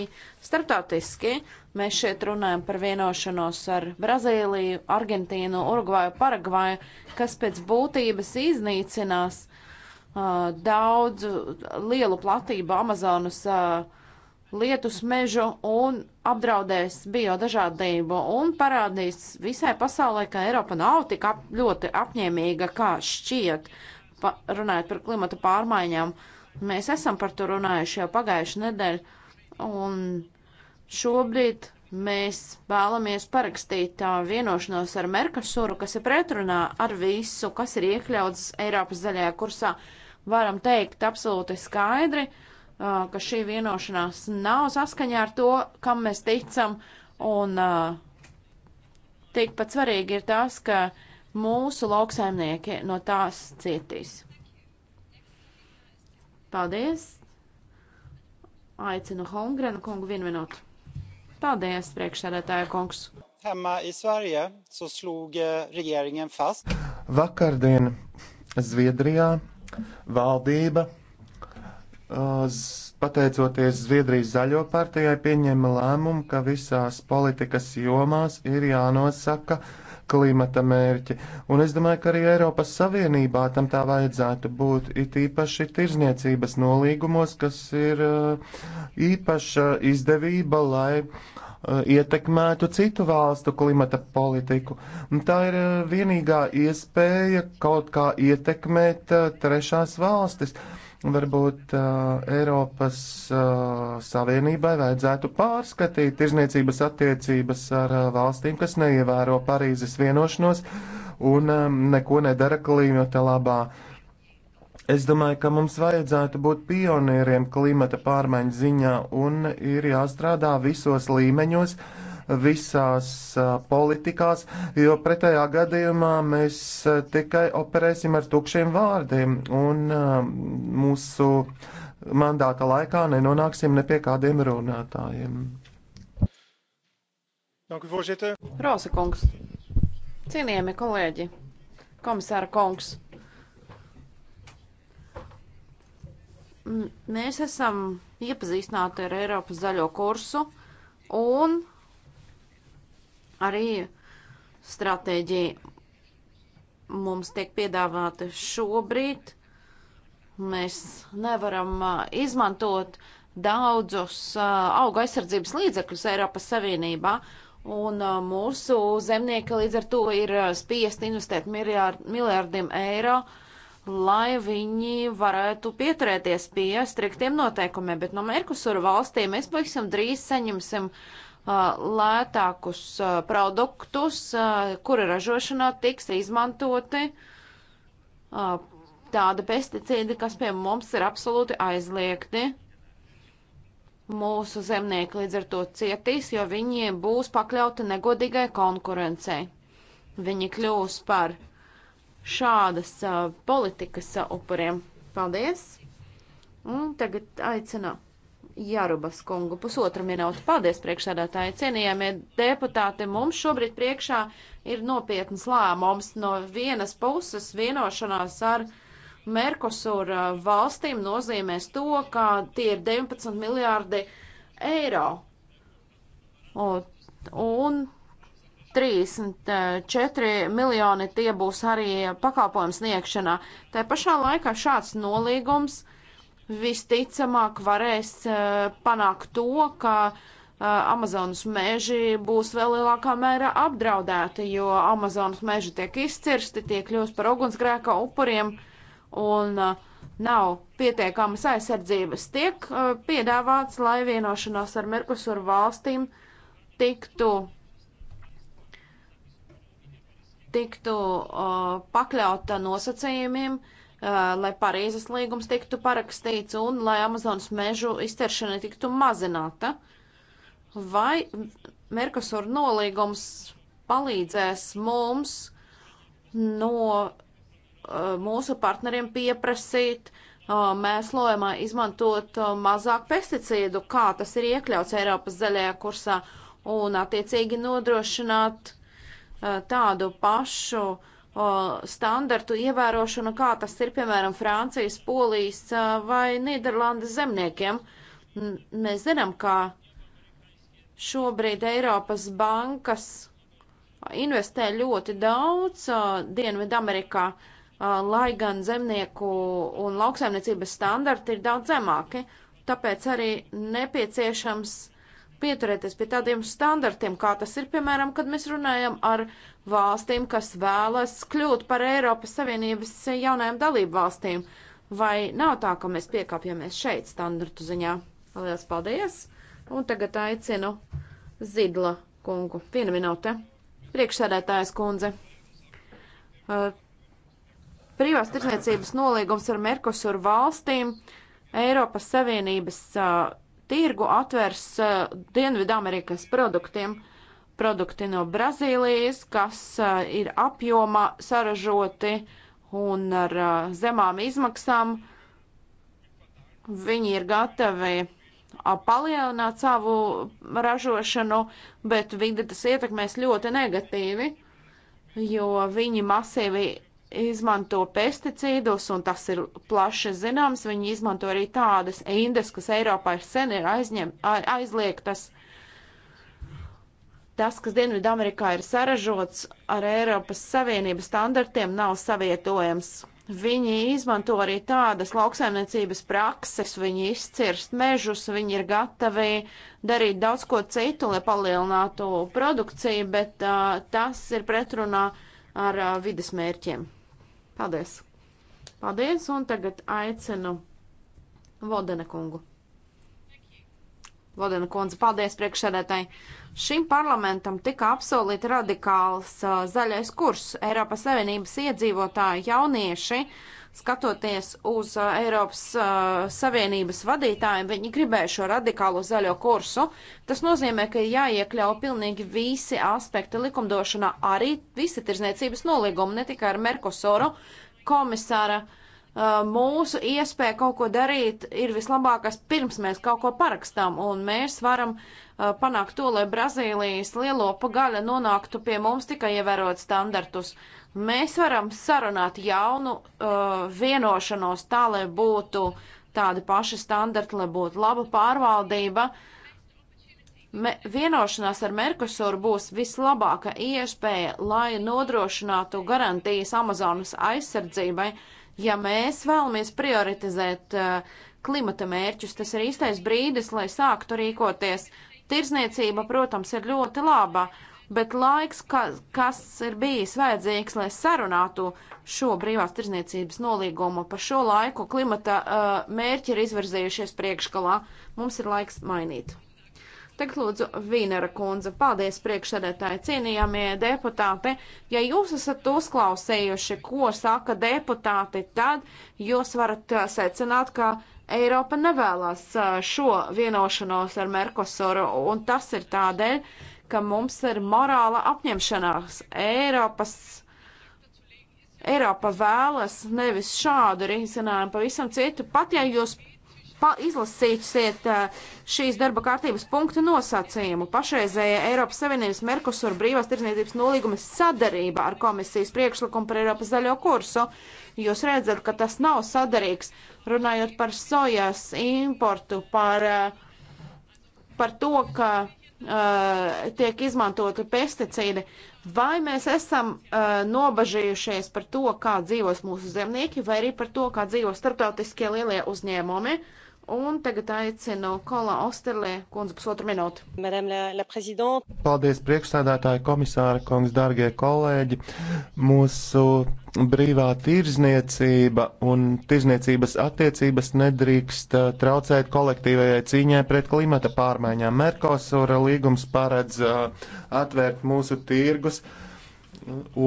starptautiski. Mēs šeit runājam par vienošanos ar Brazīliju, Argentīnu, Urugvāju, Paragvāju, kas pēc būtības iznīcinās uh, daudzu lielu platību Amazonas. Uh, lietus mežu un apdraudēs biodažādību un parādīs visai pasaulē, ka Eiropa nav tik ap, ļoti apņēmīga, kā šķiet, pa, runājot par klimata pārmaiņām. Mēs esam par to runājuši jau pagājuši nedēļu un šobrīd mēs vēlamies parakstīt vienošanos ar Merkasuru, kas ir pretrunā ar visu, kas ir iekļauts Eiropas zaļajā kursā. Varam teikt absolūti skaidri, uh, ka šī vienošanās nav saskaņā ar to, kam mēs ticam, un tikpat svarīgi ir tas, ka mūsu lauksaimnieki no tās cietīs. Paldies! Aicinu Holmgrenu kungu vienu minūtu. Paldies, priekšsēdētāja kungs. Hemma i Sverige så slog regeringen fast. Vakardien Zviedrijā valdība Uh, pateicoties Zviedrijas zaļo partijai, pieņēma lēmumu, ka visās politikas jomās ir jānosaka klimata mērķi. Un es domāju, ka arī Eiropas Savienībā tam tā vajadzētu būt, it īpaši tirzniecības nolīgumos, kas ir uh, īpaša izdevība, lai uh, ietekmētu citu valstu klimata politiku. Un tā ir vienīgā iespēja kaut kā ietekmēt trešās valstis. Uh, Varbūt uh, Eiropas uh, Savienībai vajadzētu pārskatīt tirzniecības attiecības ar uh, valstīm, kas neievēro Parīzes vienošanos un um, neko nedara klimata labā. Es domāju, ka mums vajadzētu būt pionieriem klimata pārmaiņu ziņā un ir jāstrādā visos līmeņos, uh, visās politikās, jo pretējā gadījumā mēs tikai operēsim ar tukšiem vārdiem un mūsu mandāta laikā nenonāksim ne pie kādiem runātājiem. Rosa kungs, cienījami kolēģi, komisāra kungs. mēs esam iepazīstināti ar Eiropas zaļo kursu, un Arī stratēģija mums tiek piedāvāta šobrīd. Mēs nevaram izmantot daudzus auga aizsardzības līdzekļus Eiropas Savienībā, un mūsu zemnieki līdz ar to ir spiesti investēt miljārdiem eiro lai viņi varētu pieturēties pie striktiem noteikumiem, bet no Merkusura valstīm mēs pavisam drīz saņemsim uh, lētākus produktus, kura ražošanā tiks izmantoti tāda pesticīdi, kas pie mums ir absolūti aizliegti. Mūsu zemnieki līdz ar to cietīs, jo viņi būs pakļauti negodīgai konkurencei. Viņi kļūs par šādas politikas upuriem. Paldies! Un tagad aicinām. Jārubas kungu pusotru minūti. Paldies, priekšsēdētāji, cienījamie deputāti. Mums šobrīd priekšā ir nopietnas lēmums no vienas puses vienošanās ar Merkosur uh, valstīm nozīmēs to, ka tie ir 19 miljārdi eiro. Un, un 34 miljoni tie būs arī pakalpojums sniegšanā. Tā pašā laikā šāds nolīgums visticamāk varēs eh, panākt to, ka eh, Amazonas meži būs vēl lielākā mērā apdraudēti, jo Amazonas meži tiek izcirsti, tie kļūst par ugunsgrēka upuriem un eh, nav pietiekamas aizsardzības. Tiek piedāvāts, lai vienošanās ar Merkusur valstīm tiktu, tiktu uh, pakļauta nosacījumiem, uh, Uh, lai Parīzes līgums tiktu parakstīts un lai Amazonas mežu izciršana tiktu mazināta. Vai Merkosur nolīgums palīdzēs mums no uh, mūsu partneriem pieprasīt uh, mēslojumā izmantot mazāk pesticīdu, kā tas ir iekļauts Eiropas zaļajā kursā, un attiecīgi nodrošināt tādu pašu uh, standartu ievērošanu, kā tas ir, piemēram, Francijas, Polijas vai Nīderlandes zemniekiem. Mēs zinām, ka šobrīd Eiropas bankas investē ļoti daudz Dienvidamerikā, lai gan zemnieku un lauksaimniecības standarti ir daudz zemāki, tāpēc arī nepieciešams pieturēties pie tādiem standartiem, kā tas ir, piemēram, kad mēs runājam ar valstīm, kas vēlas kļūt par Eiropas Savienības jaunajām dalību valstīm. Vai nav tā, ka mēs piekāpjamies šeit standartu ziņā? Lielas paldies! Un tagad aicinu Zidla kungu. Viena minūte. Priekšsēdētājas kundze. Uh, Privās tirsniecības nolīgums ar Merkosur valstīm Eiropas Savienības uh, tirgu atvērs uh, eh, Dienvidamerikas produktiem. Produkti no Brazīlijas, kas uh, ir apjoma saražoti un ar uh, zemām izmaksām, viņi ir gatavi palielināt savu ražošanu, bet vidi tas ietekmēs ļoti negatīvi, jo viņi masīvi izmanto pesticīdus, un tas ir plaši zināms. Viņi izmanto arī tādas indes, kas Eiropā ir sen ir aizņem, aizliegtas. Tas, kas Dienvidamerikā ir saražots ar Eiropas Savienības standartiem, nav savietojams. Viņi izmanto arī tādas lauksaimniecības prakses, viņi izcirst mežus, viņi ir gatavi darīt daudz ko citu, lai palielinātu produkciju, bet uh, tas ir pretrunā ar uh, vides mērķiem. Paldies! Paldies, un tagad aicinu Vodena kungu. Vodena kundze, paldies priekšsēdētāji. Šim parlamentam tika apsolīta radikāls uh, zaļais kurs. Eiropas Savienības iedzīvotāji jaunieši uh, skatoties uz Eiropas Savienības vadītājiem, viņi gribēja šo radikālo zaļo kursu. Tas nozīmē, ka ir jāiekļau pilnīgi visi aspekti likumdošanā, arī visi tirzniecības nolīgumi, ne tikai ar Merkosoru komisāra. Mūsu iespēja kaut ko darīt ir vislabākais pirms mēs kaut ko parakstām, un mēs varam panākt to, lai Brazīlijas lielo pagaļa nonāktu pie mums tikai ievērot standartus. Uh, Mēs varam sarunāt jaunu uh, vienošanos tā, lai būtu tādi paši standarti, lai būtu laba pārvaldība. Me, vienošanās ar Merkusuru būs vislabākā iespēja, lai nodrošinātu garantijas Amazonas aizsardzībai. Ja mēs vēlamies prioritizēt uh, klimata mērķus, tas ir īstais brīdis, lai sāktu rīkoties. Tirzniecība, protams, ir ļoti laba, bet laiks, ka, kas ir bijis vajadzīgs, lai sarunātu šo brīvās tirzniecības nolīgumu, pa šo laiku klimata uh, mērķi ir izvirzījušies priekškalā. Mums ir laiks mainīt. Tagad lūdzu, Vīnera kundze, paldies priekšsēdētāji, cienījamie deputāti. Ja jūs esat uzklausējuši, ko saka deputāti, tad jūs varat uh, secināt, ka Eiropa nevēlas uh, šo vienošanos ar Merkosuru, un tas ir tādēļ, ka mums ir morāla apņemšanās. Eiropas, Eiropa vēlas nevis šādu risinājumu, pavisam citu. Pat ja jūs pa izlasīsiet uh, šīs darba kārtības punktu nosacījumu. Pašreizējā Eiropas Savienības Merkusur brīvās tirzniecības nolīguma sadarība ar komisijas priekšlikumu par Eiropas zaļo kursu. Jūs redzat, ka tas nav sadarīgs, runājot par sojas importu, par, uh, par to, ka Uh, tiek izmantoti pesticīdi, vai mēs esam uh, nobažījušies par to, kā dzīvos mūsu zemnieki, vai arī par to, kā dzīvo starptautiskie lielie uzņēmumi. Uh, Un tagad aicinu Kolā Osterlē, kundze, pusotru minūti. Paldies, priekšsēdētāji, komisāri, kungs, dārgie kolēģi. Mūsu brīvā tirzniecība un tirzniecības attiecības nedrīkst uh, traucēt kolektīvajai cīņai pret klimata pārmaiņām. Merkosura līgums paredz uh, atvērt mūsu tirgus.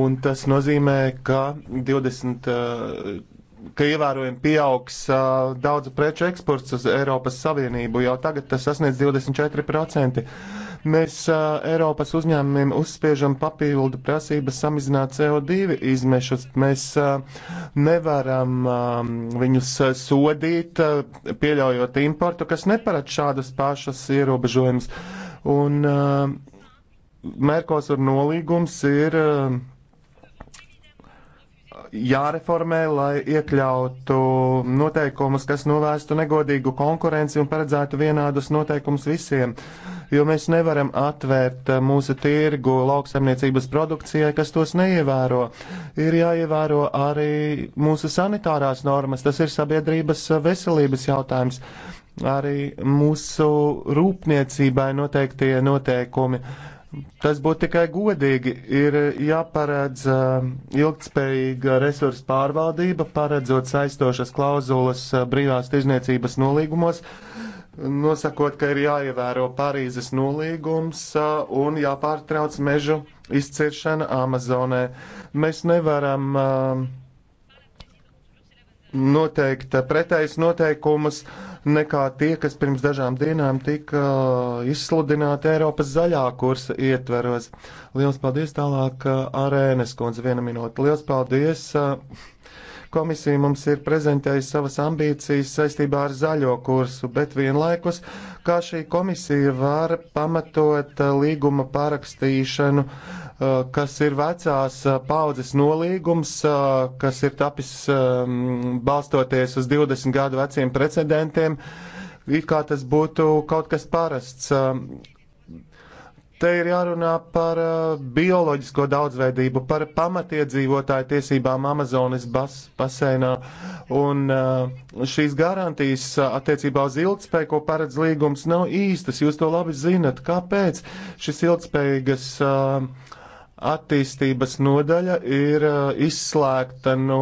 Un tas nozīmē, ka 20, ka ievērojami pieaugs uh, daudzu preču eksports uz Eiropas Savienību. Jau tagad tas sasniedz 24%. Mēs uh, Eiropas uzņēmumiem uzspiežam papildu prasības samazināt CO2 izmešus. Mēs uh, nevaram uh, viņus sodīt, uh, pieļaujot importu, kas neparad šādas pašas ierobežojumus. Un uh, Merkosur nolīgums ir. Uh, jāreformē, lai iekļautu noteikumus, kas novērstu negodīgu konkurenci un paredzētu vienādus noteikumus visiem, jo mēs nevaram atvērt mūsu tirgu lauksaimniecības produkcijai, kas tos neievēro. Ir jāievēro arī mūsu sanitārās normas, tas ir sabiedrības veselības jautājums arī mūsu rūpniecībai noteiktie noteikumi. Tas būtu tikai godīgi. Ir jāparedz uh, ilgtspējīga resursu pārvaldība, paredzot saistošas klauzulas uh, brīvās tirzniecības nolīgumos, nosakot, ka ir jāievēro Parīzes nolīgums uh, un jāpārtrauc mežu izciršana Amazonē. Mēs nevaram uh, noteikta pretējas noteikumus nekā tie, kas pirms dažām dienām tika uh, izsludināti Eiropas zaļā kursa ietveros. Liels paldies tālāk uh, arēnes kundze viena minūte. Liels paldies! Uh, Komisija mums ir prezentējusi savas ambīcijas saistībā ar zaļo kursu, bet vienlaikus, kā šī komisija var pamatot uh, līguma parakstīšanu, uh, kas ir vecās uh, paudzes nolīgums, kas ir tapis um, balstoties uz 20 gadu veciem precedentiem it kā tas būtu kaut kas parasts. Um, Te ir jārunā par uh, bioloģisko daudzveidību, par pamatiedzīvotāju tiesībām Amazonas bas, basēnā. Un uh, šīs garantijas uh, attiecībā uz ilgspēju, ko paredz līgums, nav īstas. Jūs to labi zinat. Kāpēc šis ilgspējīgas attīstības nodaļa ir izslēgta no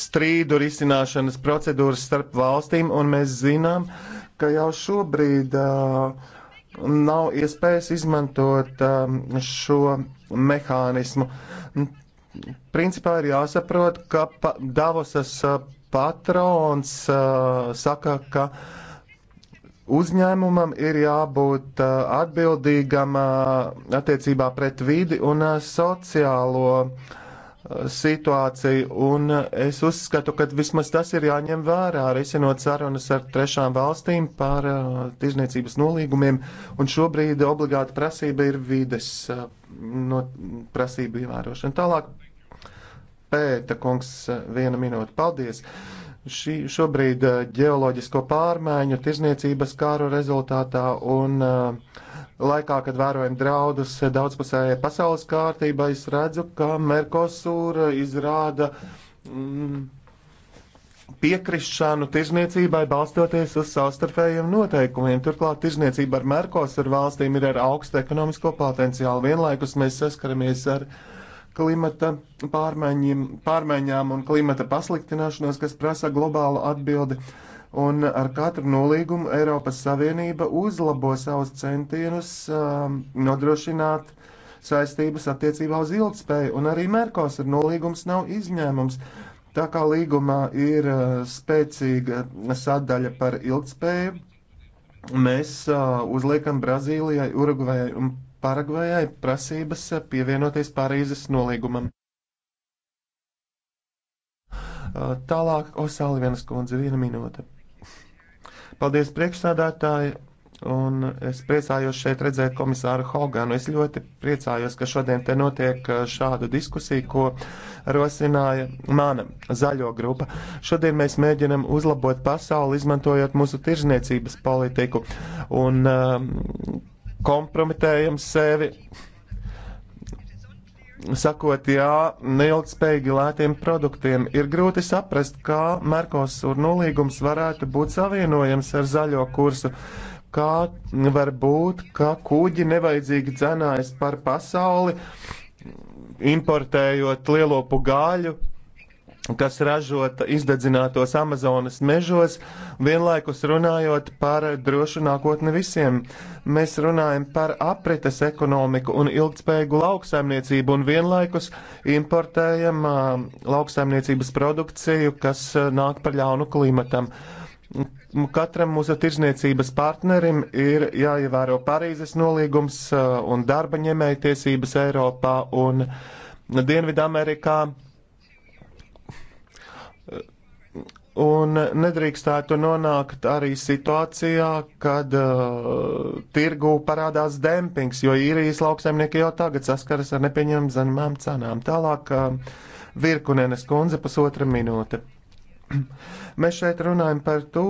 strīdu risināšanas procedūras starp valstīm, un mēs zinām, uh, ka jau šobrīd uh, nav iespējas izmantot um, šo mehānismu. Principā ir jāsaprot, ka pa Davosas patrons uh, saka, ka uzņēmumam ir jābūt uh, atbildīgam uh, attiecībā pret vidi un uh, sociālo uh, situāciju, un es uzskatu, ka vismaz tas ir jāņem vērā, risinot sarunas ar trešām valstīm par uh, tirzniecības nolīgumiem, un šobrīd obligāta prasība ir vides uh, no, prasība ievērošana. Tālāk, pēta kungs, uh, viena minūte, paldies! Šī, šobrīd uh, ģeoloģisko pārmaiņu tirzniecības kāru rezultātā un uh, laikā, kad vērojam draudus daudzpusējai pasaules kārtībai, es redzu, ka Merkosūra izrāda mm, piekrišanu tirzniecībai balstoties uz savstarpējiem noteikumiem. Turklāt tirzniecība ar Merkosūra valstīm ir ar augstu ekonomisko potenciālu. Vienlaikus mēs saskaramies ar klimata pārmaiņām un klimata pasliktināšanos, kas prasa globālu atbildi. Uh, un ar katru nolīgumu Eiropas Savienība uzlabo savus centienus um, nodrošināt saistības attiecībā uz ilgspēju, un arī Merkosur nolīgums nav izņēmums. Tā kā līgumā ir uh, spēcīga sadaļa par ilgspēju, mēs uh, uzliekam Brazīlijai, Urugvajai un Paragvajai prasības uh, pievienoties Parīzes nolīgumam. Uh, tālāk Osālivienas kundze viena minūte. Paldies priekšsādātāji, un es priecājos šeit redzēt komisāru Hoganu. Es ļoti priecājos, ka šodien te notiek uh, šāda diskusija, ko rosināja mana zaļo grupa. Šodien mēs mēģinam uzlabot pasauli, izmantojot mūsu tirzniecības politiku un um, kompromitējam sevi sakot jā neilgspējīgi lētiem produktiem. Ir grūti saprast, kā Merkosur nolīgums varētu būt savienojams ar zaļo kursu. Kā var būt, ka kuģi nevajadzīgi dzenājas par pasauli, importējot lielopu gāļu, kas ražota izdedzinātos Amazonas mežos, vienlaikus runājot par drošu nākotni visiem. Mēs runājam par aprites ekonomiku un ilgspējīgu lauksaimniecību un vienlaikus importējam uh, lauksaimniecības produkciju, kas uh, nāk par ļaunu klimatam. Katram mūsu tirzniecības partnerim ir jāievēro Parīzes nolīgums uh, un darba ņemēja tiesības Eiropā un Dienvidamerikā. Amerikā Un nedrīkstētu nonākt arī situācijā, kad uh, tirgū parādās dempings, jo īrijas lauksaimnieki jau tagad saskaras ar nepieņemam zemām cenām. Tālāk uh, Virkunenes kundze pusotra minūte. Mēs šeit runājam par to,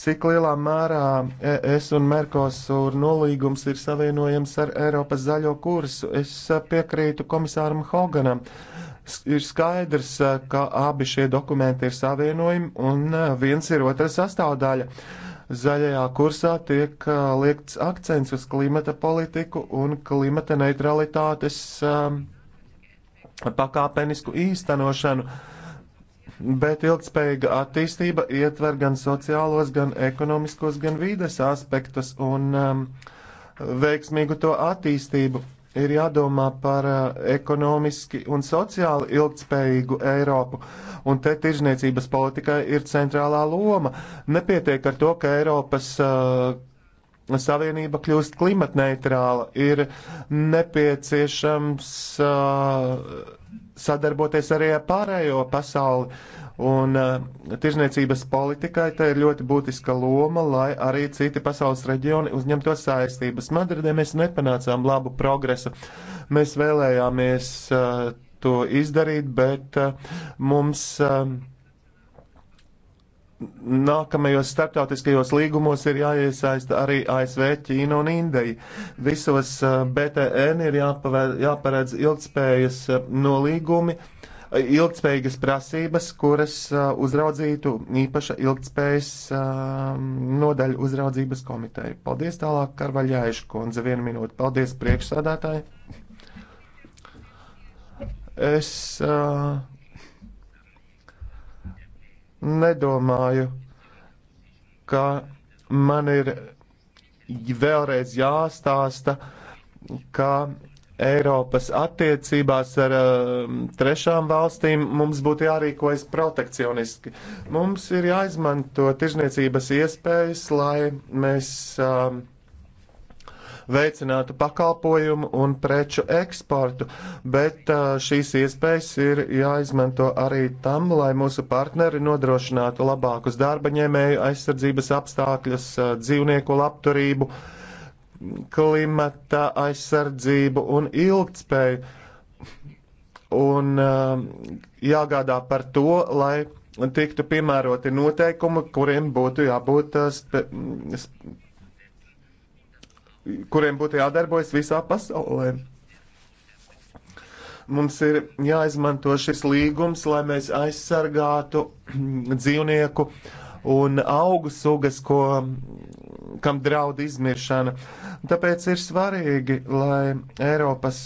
cik lielā mērā es un Merkosur nolīgums ir savienojams ar Eiropas zaļo kursu. Es uh, piekrītu komisāram Hoganam. Uh, Ir skaidrs, eh, ka abi šie dokumenti ir savienojumi un eh, viens ir otra sastāvdaļa. Zaļajā kursā tiek eh, liekts akcents uz klimata politiku un klimata neutralitātes um, pakāpenisku īstenošanu. Bet ilgspējīga attīstība ietver gan sociālos, gan ekonomiskos, gan vīdes aspektus un um, veiksmīgu to attīstību ir jādomā par eh, ekonomiski un sociāli ilgtspējīgu Eiropu, un te tirzniecības politikai ir centrālā loma. Nepietiek ar to, ka Eiropas uh, Savienība kļūst klimatneitrāla, ir nepieciešams uh, sadarboties arī ar pārējo pasauli. Un uh, tirzniecības politikai te ir ļoti būtiska loma, lai arī citi pasaules reģioni uzņemtos saistības. Madridē mēs nepanācām labu progresu. Mēs vēlējāmies uh, to izdarīt, bet uh, mums. Uh, nākamajos starptautiskajos līgumos ir jāiesaista arī ASV, Ķīna un Indija. Visos uh, BTN ir jāparedz ilgspējas uh, nolīgumi, ilgspējīgas prasības, kuras uh, uzraudzītu īpaša ilgspējas um, nodaļa uzraudzības komiteja. Paldies tālāk, Karvaļājuša kundze, vienu minūti. Paldies priekšsādātāji. Es uh, nedomāju, ka man ir vēlreiz jāstāsta, ka Eiropas attiecībās ar uh, trešām valstīm mums būtu jārīkojas protekcioniski. Mums ir jāizmanto tirzniecības iespējas, lai mēs uh, veicinātu pakalpojumu un preču eksportu, bet šīs iespējas ir jāizmanto arī tam, lai mūsu partneri nodrošinātu labākus darba ņēmēju aizsardzības apstākļus, dzīvnieku labturību, klimata aizsardzību un ilgtspēju. Un uh, jāgādā par to, lai tiktu piemēroti noteikumi, kuriem būtu jābūt spe, kuriem būtu jādarbojas visā pasaulē. Mums ir jāizmanto šis līgums, lai mēs aizsargātu dzīvnieku un augu sugas, ko, kam draud izmiršana. Tāpēc ir svarīgi, lai Eiropas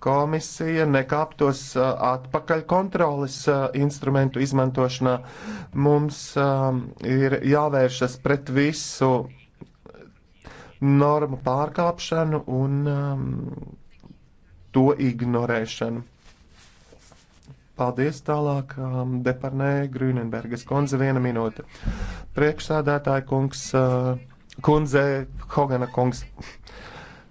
komisija nekāptos atpakaļ kontroles instrumentu izmantošanā. Mums ir jāvēršas pret visu normu pārkāpšanu un um, to ignorēšanu. Paldies tālāk, um, Deparnē Grūnenbergas kundze, viena minūte. Priekšsādātāja kungs, uh, kundze Hogana kungs.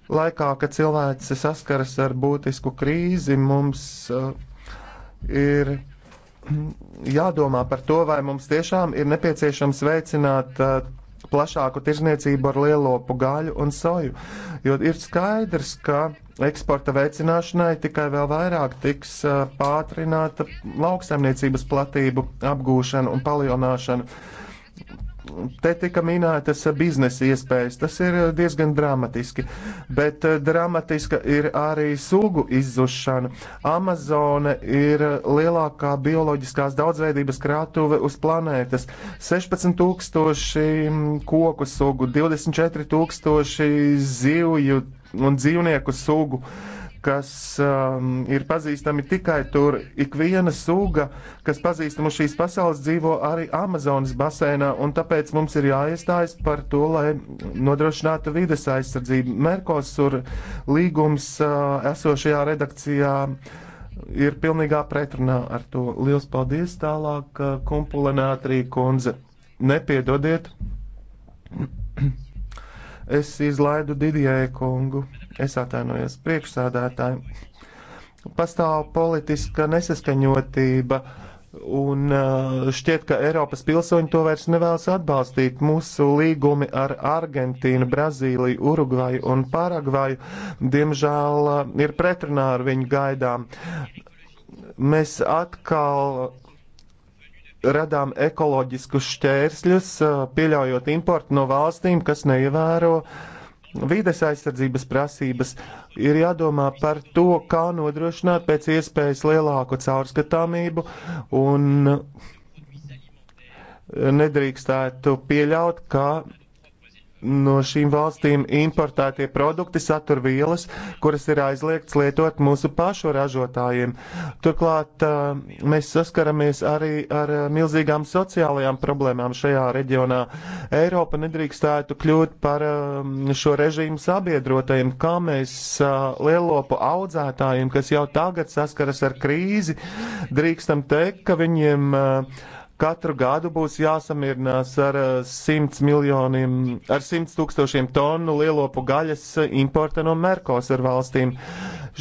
Laikā, kad cilvēce saskaras ar būtisku krīzi, mums uh, ir jādomā par to, vai mums tiešām ir nepieciešams veicināt uh, plašāku tirzniecību ar lielopu gaļu un soju, jo ir skaidrs, ka eksporta veicināšanai tikai vēl vairāk tiks pātrināta lauksaimniecības platību apgūšana un palielināšana Te tika minētas biznesa iespējas, tas ir diezgan dramatiski, bet eh, dramatiska ir arī sugu izzušana. Amazone ir lielākā bioloģiskās daudzveidības krātuve uz planētas. 16 tūkstoši mm, koku sugu, 24 tūkstoši zivju un dzīvnieku sugu. Uh, kas um, ir pazīstami tikai tur. Ik viena suga, kas pazīstama uz šīs pasaules, dzīvo arī Amazonas basēnā, un tāpēc mums ir jāiestājas par to, lai nodrošinātu vides aizsardzību. Merkosur līgums uh, esošajā redakcijā ir pilnīgā pretrunā ar to. Liels paldies tālāk, uh, kumpulenātrī kundze. Nepiedodiet. es izlaidu Didijai kungu es atvainojos priekšsādātāji, pastāv politiska nesaskaņotība. Un uh, šķiet, ka Eiropas pilsoņi to vairs nevēlas atbalstīt. Mūsu līgumi ar Argentīnu, Brazīliju, Urugvaju un Paragvaju, diemžēl, uh, ir pretrunā ar viņu gaidām. Mēs atkal radām ekoloģiskus šķērsļus, uh, pieļaujot importu no valstīm, kas neievēro uh, vides aizsardzības prasības, ir jādomā par to, kā nodrošināt pēc iespējas lielāku caurskatāmību un nedrīkstētu pieļaut, ka no šīm valstīm importētie produkti satur vielas, kuras ir aizliegts lietot mūsu pašu ražotājiem. Turklāt eh, mēs saskaramies arī ar eh, milzīgām sociālajām problēmām šajā reģionā. Eiropa nedrīkstētu kļūt par eh, šo režīmu sabiedrotajiem, kā mēs lielopu audzētājiem, kas jau tagad saskaras ar krīzi, drīkstam teikt, ka viņiem uh, katru gadu būs jāsamierinās ar 100 eh, miljoniem, ar 100 tūkstošiem tonu lielopu gaļas importa no Merkosur valstīm.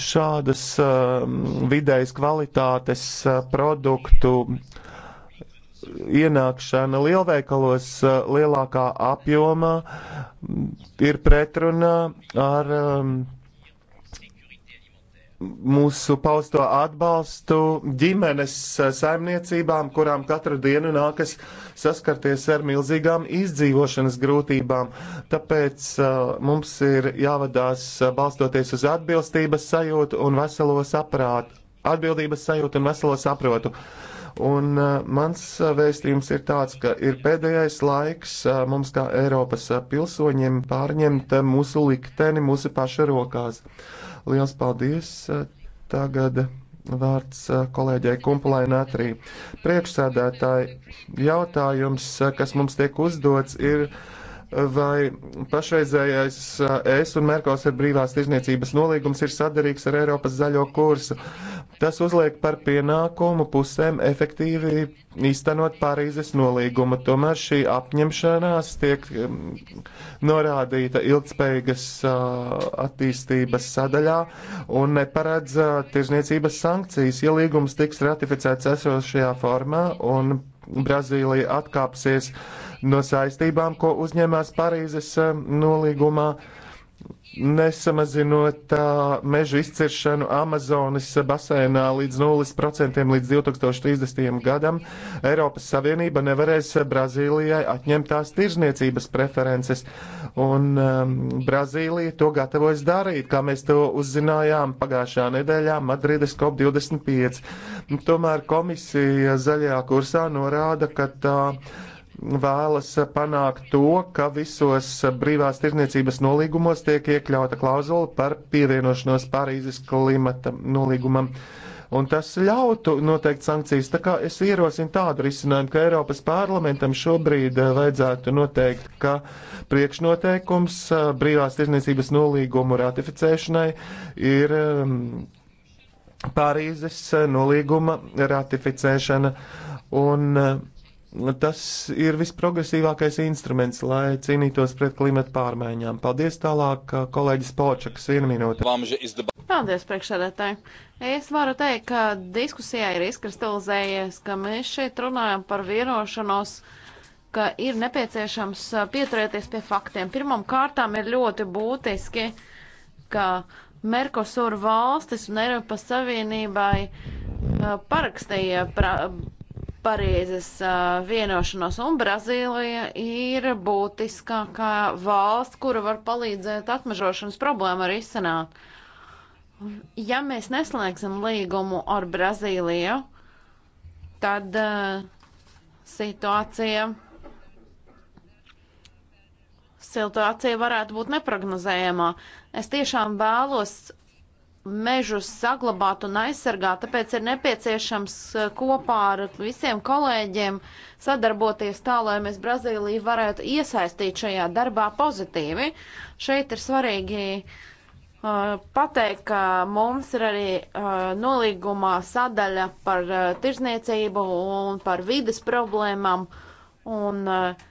Šādas uh, vidējas kvalitātes uh, produktu ienākšana lielveikalos uh, lielākā apjomā ir pretrunā ar um, mūsu pausto atbalstu ģimenes saimniecībām, kurām katru dienu nākas saskarties ar milzīgām izdzīvošanas grūtībām. Tāpēc uh, mums ir jāvadās uh, balstoties uz atbilstības sajūtu un veselo saprātu. Atbildības sajūtu un veselo saprotu. Un uh, mans vēstījums ir tāds, ka ir pēdējais laiks uh, mums kā Eiropas uh, pilsoņiem pārņemt uh, mūsu likteni mūsu paša rokās. Uh, Liels paldies! Tagad vārds eh, kolēģei Kumpulai Natrī. Priekšsēdētāji, jautājums, eh, kas mums tiek uzdots, ir vai pašreizējais eh, ES un Merkosur brīvās tirzniecības nolīgums ir sadarīgs ar Eiropas zaļo kursu. Tas uzliek par pienākumu pusēm efektīvi īstenot Parīzes nolīgumu. Tomēr šī apņemšanās tiek mm, norādīta ilgspējīgas eh, attīstības sadaļā un neparedz eh, tirzniecības sankcijas, ja līgums tiks ratificēts esošajā formā un Brazīlija atkāpsies no saistībām, ko uzņēmās Parīzes eh, nolīgumā nesamazinot uh, mežu izciršanu Amazonas basēnā līdz 0% līdz 2030. gadam, Eiropas Savienība nevarēs Brazīlijai atņemt tās tirzniecības preferences. Un um, Brazīlija to gatavojas darīt, kā mēs to uzzinājām pagājušā nedēļā Madrides COP25. Tomēr komisija zaļajā kursā norāda, ka tā. Uh, vēlas panākt to, ka visos brīvās tirniecības nolīgumos tiek iekļauta klauzula par pievienošanos Parīzes klimata nolīgumam. Un tas ļautu noteikt sankcijas. Tā kā es ierosinu tādu risinājumu, ka Eiropas parlamentam šobrīd eh, vajadzētu noteikt, ka priekšnoteikums eh, brīvās tirniecības nolīgumu ratificēšanai ir ehm, Parīzes eh, nolīguma ratificēšana. Un uh, Tas ir visprogresīvākais instruments, lai cīnītos pret klimatu pārmaiņām. Paldies tālāk, uh, kolēģis Počaks, viena minūte. Paldies, priekšsēdētāji. Es varu teikt, ka diskusijā ir izkristalizējies, ka mēs šeit runājam par vienošanos, ka ir nepieciešams uh, pieturēties pie faktiem. Pirmam kārtām ir ļoti būtiski, ka Merkosur valstis un Eiropas Savienībai uh, parakstīja. Pra, Parīzes vienošanos, un Brazīlija ir būtiskākā valsts, kura var palīdzēt atmežošanas problēmu arī izsanāt. Ja mēs neslēgsim līgumu ar Brazīliju, tad uh, situācija, situācija varētu būt neprognozējama. Es tiešām vēlos mežus saglabāt un aizsargāt, tāpēc ir nepieciešams eh, kopā ar visiem kolēģiem sadarboties tā, lai mēs Brazīliju varētu iesaistīt šajā darbā pozitīvi. Šeit ir svarīgi uh, pateikt, ka mums ir arī uh, nolīgumā sadaļa par uh, tirzniecību un par vides problēmām. Un, uh,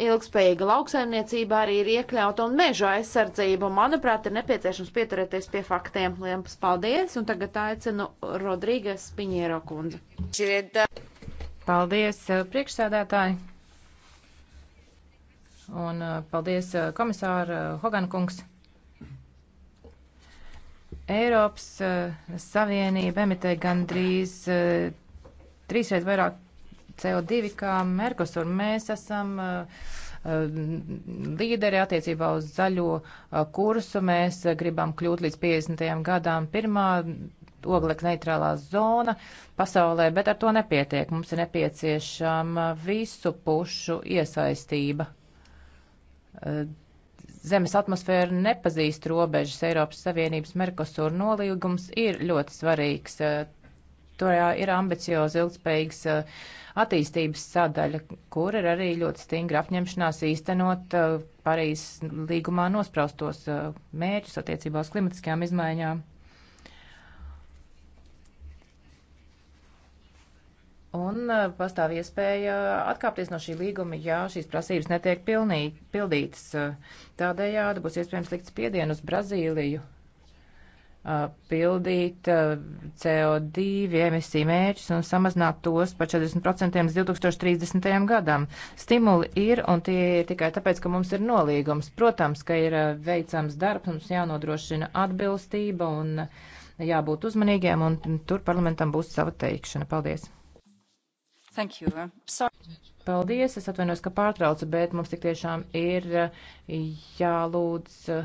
Ilgspējīga lauksaimniecība arī ir iekļauta un meža aizsardzība. Manuprāt, ir nepieciešams pieturēties pie faktiem. Lielas paldies! Un tagad aicinu Rodrīgas Piņiero kundzi. Paldies, eh, priekšsēdētāji! Un eh, paldies, eh, komisāra Hogankungs! Eiropas Savienība emitē gandrīz trīsreiz vairāk CO2 kā Merkosur. Mēs esam uh, uh, līderi attiecībā uz zaļo uh, kursu. Mēs gribam kļūt līdz 50. gadām pirmā oglekļa neitrālā zona pasaulē, bet ar to nepietiek. Mums ir nepieciešama visu pušu iesaistība. Zemes atmosfēra nepazīst robežas. Eiropas Savienības Merkosur nolīgums ir ļoti svarīgs. Tur ir ambiciozi ilgspējīgs uh, attīstības sadaļa, kur ir arī ļoti stingra apņemšanās īstenot uh, Parīzes līgumā nospraustos uh, mērķus attiecībā uz klimatiskajām izmaiņām. Un uh, pastāv iespēja atkāpties no šī līguma, ja šīs prasības netiek pilnī, pildītas. Tādējādi būs iespējams likt spiedienu uz Brazīliju Uh, pildīt uh, CO2 emisiju mērķus un samazināt tos par 40% līdz 2030. gadam. Stimuli ir, un tie ir tikai tāpēc, ka mums ir nolīgums. Protams, ka ir uh, veicams darbs, mums jānodrošina atbilstība un jābūt uzmanīgiem, un tur parlamentam būs sava teikšana. Paldies! Thank you. Sorry. Paldies, es atvainos, ka pārtraucu, bet mums tik tiešām ir jālūdz. Uh,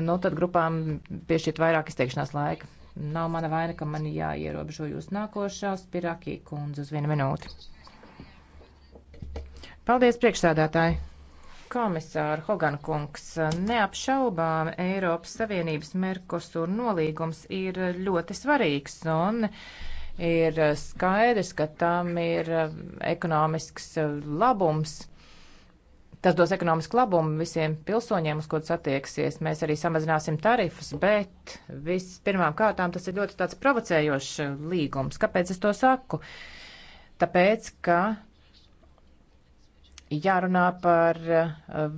nu, tad grupām piešķirt vairāk izteikšanās laika. Nav mana vaina, ka man jāierobežo jūs nākošās Pirakī kundze uz vienu minūti. Paldies, priekšsādātāji! Komisāra Hogan kungs, neapšaubām Eiropas Savienības Merkosur nolīgums ir ļoti svarīgs un ir skaidrs, ka tam ir um, ekonomisks um, labums Tas dos ekonomisku labumu visiem pilsoņiem, uz ko tas attieksies. Mēs arī samazināsim tarifus, bet vispirmām kārtām tas ir ļoti tāds provocējošs līgums. Kāpēc es to saku? Tāpēc, ka jārunā par eh,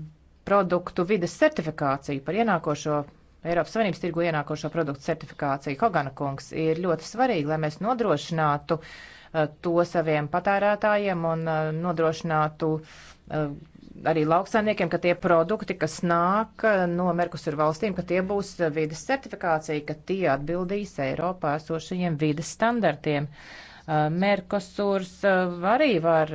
produktu vides certifikāciju, par ienākošo Eiropas Savienības tirgu ienākošo produktu certifikāciju. Hogana kungs ir ļoti svarīgi, lai mēs nodrošinātu eh, to saviem patērētājiem un eh, nodrošinātu uh, Eh, arī lauksaimniekiem, ka tie produkti, kas nāk eh, no Merkusur valstīm, ka tie būs vides certifikācija, ka tie atbildīs Eiropā esošajiem vides standartiem. Eh, Merkosurs arī var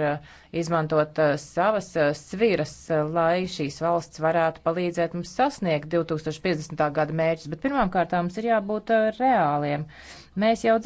izmantot savas sviras, lai šīs valsts varētu palīdzēt mums sasniegt 2050. gada mērķus, bet pirmkārt mums ir jābūt reāliem. Mēs jau